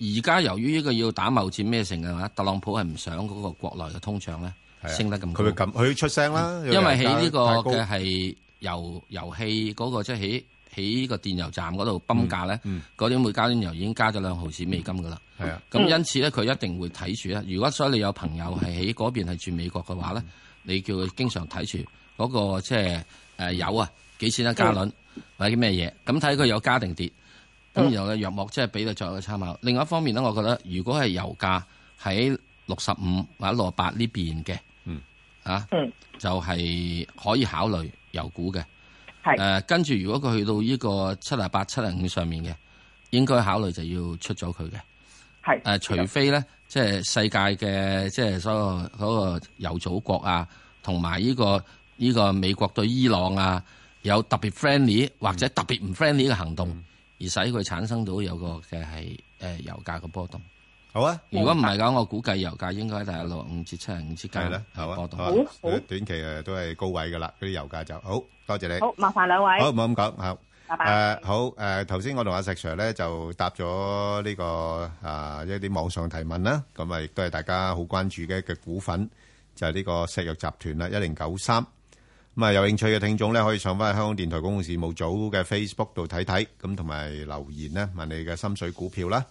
而家由於呢個要打貿易戰咩成嘅話，特朗普係唔想嗰個國內嘅通脹咧升得咁高。佢會咁，佢出聲啦。因為喺呢個嘅係。油油氣嗰個即係喺個電油站嗰度泵價咧，嗰啲每加侖油已經加咗兩毫子美金噶啦。啊，咁因此咧，佢一定會睇住啦。如果所以你有朋友係喺嗰邊係住美國嘅話咧、嗯，你叫佢經常睇住嗰個即係誒油啊幾錢一加侖、嗯、或者啲咩嘢，咁睇佢有加定跌。咁、嗯、然後嘅約莫即係俾到作為參考。另外一方面咧，我覺得如果係油價喺六十五或者六十八呢邊嘅，嗯啊，嗯就係、是、可以考慮。油股嘅，係誒，跟、呃、住如果佢去到呢個七啊八七啊五上面嘅，應該考慮就要出咗佢嘅，係誒、呃，除非咧，即、嗯、係、就是、世界嘅即係所有嗰個油組國啊，同埋呢個呢、呢個美國對伊朗啊有特別 friendly 或者特別唔 friendly 嘅行動，嗯、而使佢產生到有個嘅係誒油價嘅波動。好啊！如果唔係咁，我估計油價應該係六五至七五之間啦。好啊，好，短期誒都係高位噶啦。嗰啲油價就好多謝你，麻煩兩位。好，唔好咁講，好，拜拜。誒，好誒，頭先我同阿石 Sir 咧，就答咗呢個啊一啲網上提問啦。咁啊，亦都係大家好關注嘅一嘅股份就係呢個石藥集團啦，一零九三。咁啊，有興趣嘅聽眾咧，可以上翻去香港電台公共事務組嘅 Facebook 度睇睇，咁同埋留言咧問你嘅心水股票啦。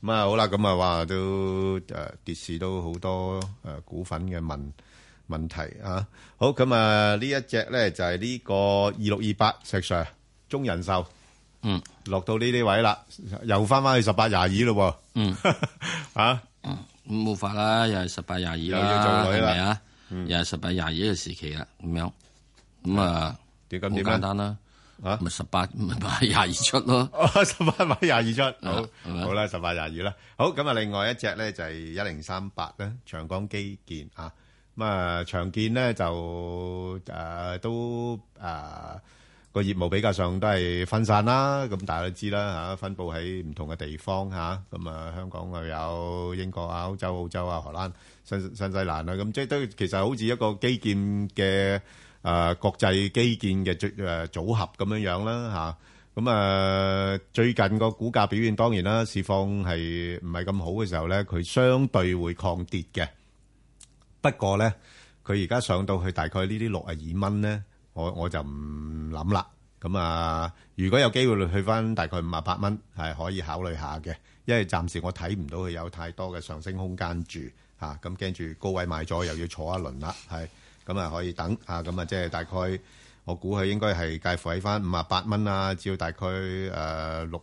咁、嗯、啊好啦，咁啊哇都誒跌市都好多誒、啊、股份嘅問問題啊，好咁啊呢一隻咧就係、是、呢個二六二八石 Sir 中人壽，嗯落到呢啲位啦，又返返去十八廿二咯喎，嗯嚇、 (laughs) 啊，嗯冇法啦，又係十八廿二啦，係咪啊，又係十八廿二嘅時期啦，咁樣，咁啊點咁簡單啦？吓，咪十八咪八廿二出咯，十八咪廿二出，好，好啦，十八廿二啦，好，咁啊，另外一隻咧就係一零三八咧，長江基建啊，咁啊，長建咧就誒都誒個業務比較上都係分散啦，咁大家都知啦吓，分布喺唔同嘅地方吓，咁啊，香港又有英國啊，歐洲澳洲啊，荷蘭、新新西蘭啦，咁即係都其實好似一個基建嘅。誒、啊、國際基建嘅組誒合咁樣樣啦嚇，咁、啊、誒、啊、最近個股價表現當然啦，市況係唔係咁好嘅時候咧，佢相對會抗跌嘅。不過咧，佢而家上到去大概這些62元呢啲六啊二蚊咧，我我就唔諗啦。咁啊，如果有機會去返大概五啊八蚊，係可以考慮下嘅。因為暫時我睇唔到佢有太多嘅上升空間住嚇，咁驚住高位買咗又要坐一輪啦，係。咁啊，可以等啊，咁啊，即係大概，我估佢應該係介乎喺翻五十八蚊啊，至到大概誒六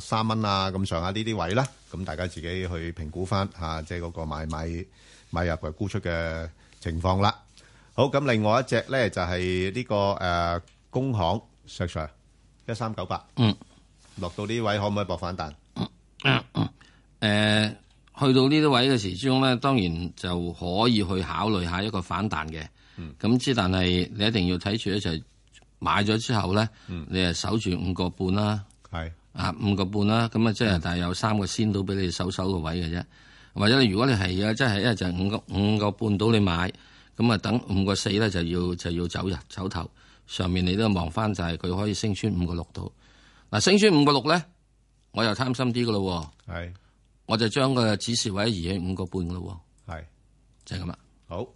十三蚊啊，咁上下呢啲位啦。咁大家自己去評估翻吓，即係嗰個買買買入同沽出嘅情況啦。好，咁另外一隻咧就係呢個誒工行，削 Sir 一三九八，嗯，落到呢位可唔可以搏反彈？誒、嗯呃，去到呢啲位嘅時鐘咧，當然就可以去考慮一下一個反彈嘅。咁、嗯、之，但係你一定要睇住一齊買咗之後咧、嗯，你係守住五、啊、個半啦，係啊五個半啦，咁啊即係，但係有三個先到俾你守守個位嘅啫。或者你如果你係啊，即係一日就五個五個半到你買，咁啊等五個四咧就要就要走入走頭上面，你都要望翻就係佢可以升穿五個六度。嗱、啊，升穿五個六咧，我又貪心啲噶咯，係我就將個止蝕位移去五個半咯，係就係咁啦，好。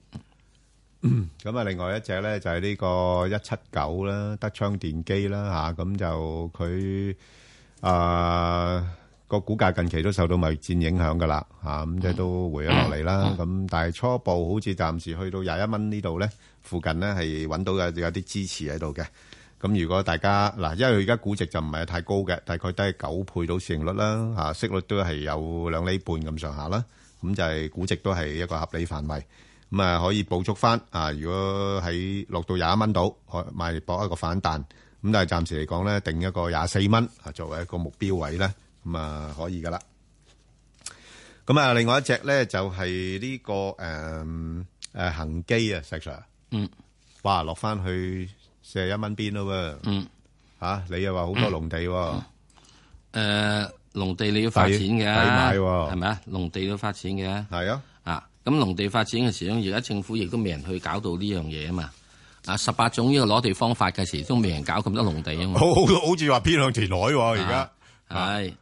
咁啊，另外一隻咧就係呢個一七九啦，德昌電機啦嚇，咁就佢啊個股價近期都受到貿易戰影響噶啦嚇，咁即係都回咗落嚟啦。咁但係初步好似暫時去到廿一蚊呢度咧附近咧係揾到嘅有啲支持喺度嘅。咁如果大家嗱，因為佢而家估值就唔係太高嘅，大概都係九倍到市盈率啦嚇，息率都係有兩釐半咁上下啦，咁就係估值都係一個合理範圍。咁啊，可以補足翻啊！如果喺落到廿一蚊度，可買嚟搏一個反彈。咁但係暫時嚟講咧，定一個廿四蚊啊，作為一個目標位咧，咁啊可以噶啦。咁啊，另外一隻咧就係呢個誒誒恆基啊，石 Sir。嗯。哇！落翻去四十一蚊邊嘞喎。嗯。嚇！你又話好多農地喎？誒，農地你要發錢嘅，抵買喎，係咪啊？農地都要發錢嘅。係啊。咁農地發展嘅時候，而家政府亦都未人去搞到呢樣嘢啊嘛！啊，十八種呢個攞地方法嘅時都未人搞咁多農地啊嘛！好好好似話偏向田地喎，而家係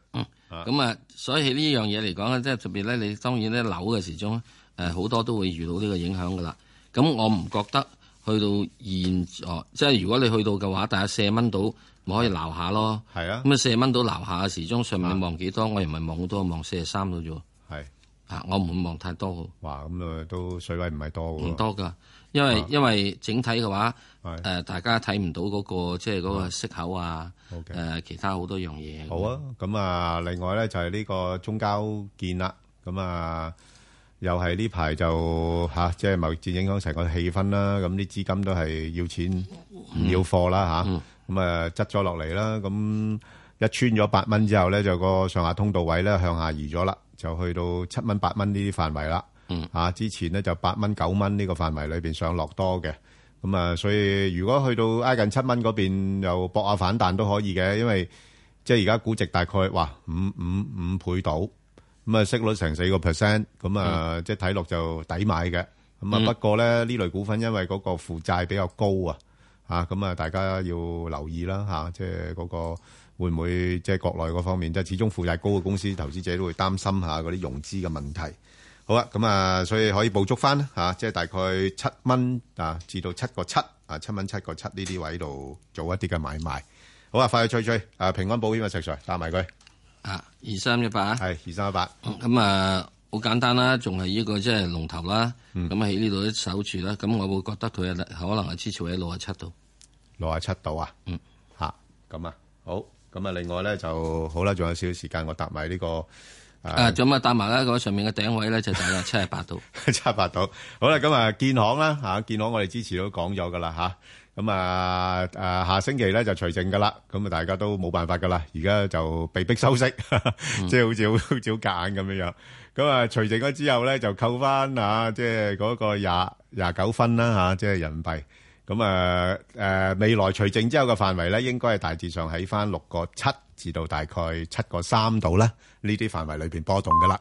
咁啊，所以呢樣嘢嚟講咧，即係特別咧，你當然咧樓嘅時鐘誒好多都會遇到呢個影響噶啦。咁、嗯、我唔覺得去到現在，哦、即係如果你去到嘅話，大家四蚊到，咪可以撈下咯。係啊，咁啊四蚊到撈下嘅時鐘，上面望幾多，、啊、多？我又唔係望好多，望四十三度啫。啊！我唔會望太多嘅。哇，咁啊都水位唔係多嘅。唔多噶，因為因為整體嘅話，誒大家睇唔到嗰個即係嗰個息口啊，誒其他好多樣嘢。好啊，咁啊，另外咧就係呢個中交建啦。咁啊，又係呢排就嚇，即係貿易戰影響成個氣氛啦。咁啲資金都係要錢唔要貨啦嚇。咁啊，執咗落嚟啦。咁一穿咗八蚊之後咧，就個上下通道位咧向下移咗啦。就去到七蚊八蚊呢啲範圍啦，嚇、嗯啊、之前咧就八蚊九蚊呢個範圍裏面上落多嘅，咁啊所以如果去到挨近七蚊嗰邊又搏下反彈都可以嘅，因為即係而家估值大概哇五五五倍到，咁啊息率成四個 percent，咁啊即係睇落就抵、是、買嘅，咁啊不過咧呢、嗯、類股份因為嗰個負債比較高啊，咁啊大家要留意啦吓，即係嗰個。會唔會即係國內嗰方面？即係始終負債高嘅公司，投資者都會擔心下嗰啲融資嘅問題。好啊咁啊，所以可以捕捉翻吓，即係大概七蚊啊，至到七個七啊，七蚊七個七呢啲位度做一啲嘅買賣。好啊，快去追追啊！平安保險嘅石材打埋佢啊，二三一八啊，係二三一八。咁啊，好、嗯、簡單啦，仲係呢個即係龍頭啦。咁喺呢度守住啦。咁、嗯、我會覺得佢可能係支持喺六啊七度，六啊七度啊。嗯，咁啊，啊，好。咁啊，另外咧就好啦，仲有少少時間，我答埋、這、呢個。啊，仲咪答埋啦，個上面嘅頂位咧就大約七十八度， (laughs) 七十八度。好啦，咁啊，建行啦，吓，建行我哋之前都講咗噶啦，吓。咁啊，誒、啊啊，下星期咧就除剩噶啦，咁啊，大家都冇辦法噶啦，而家就被逼收息，即、嗯、係 (laughs) 好似好夾硬咁樣樣。咁啊，除淨咗之後咧，就扣翻啊，即係嗰個廿廿九分啦，吓、啊，即、就、係、是、人民幣。咁啊、呃呃，未來除淨之後嘅範圍呢，應該係大致上喺返六個七至到大概七個三度咧，呢啲範圍裏面波動㗎啦。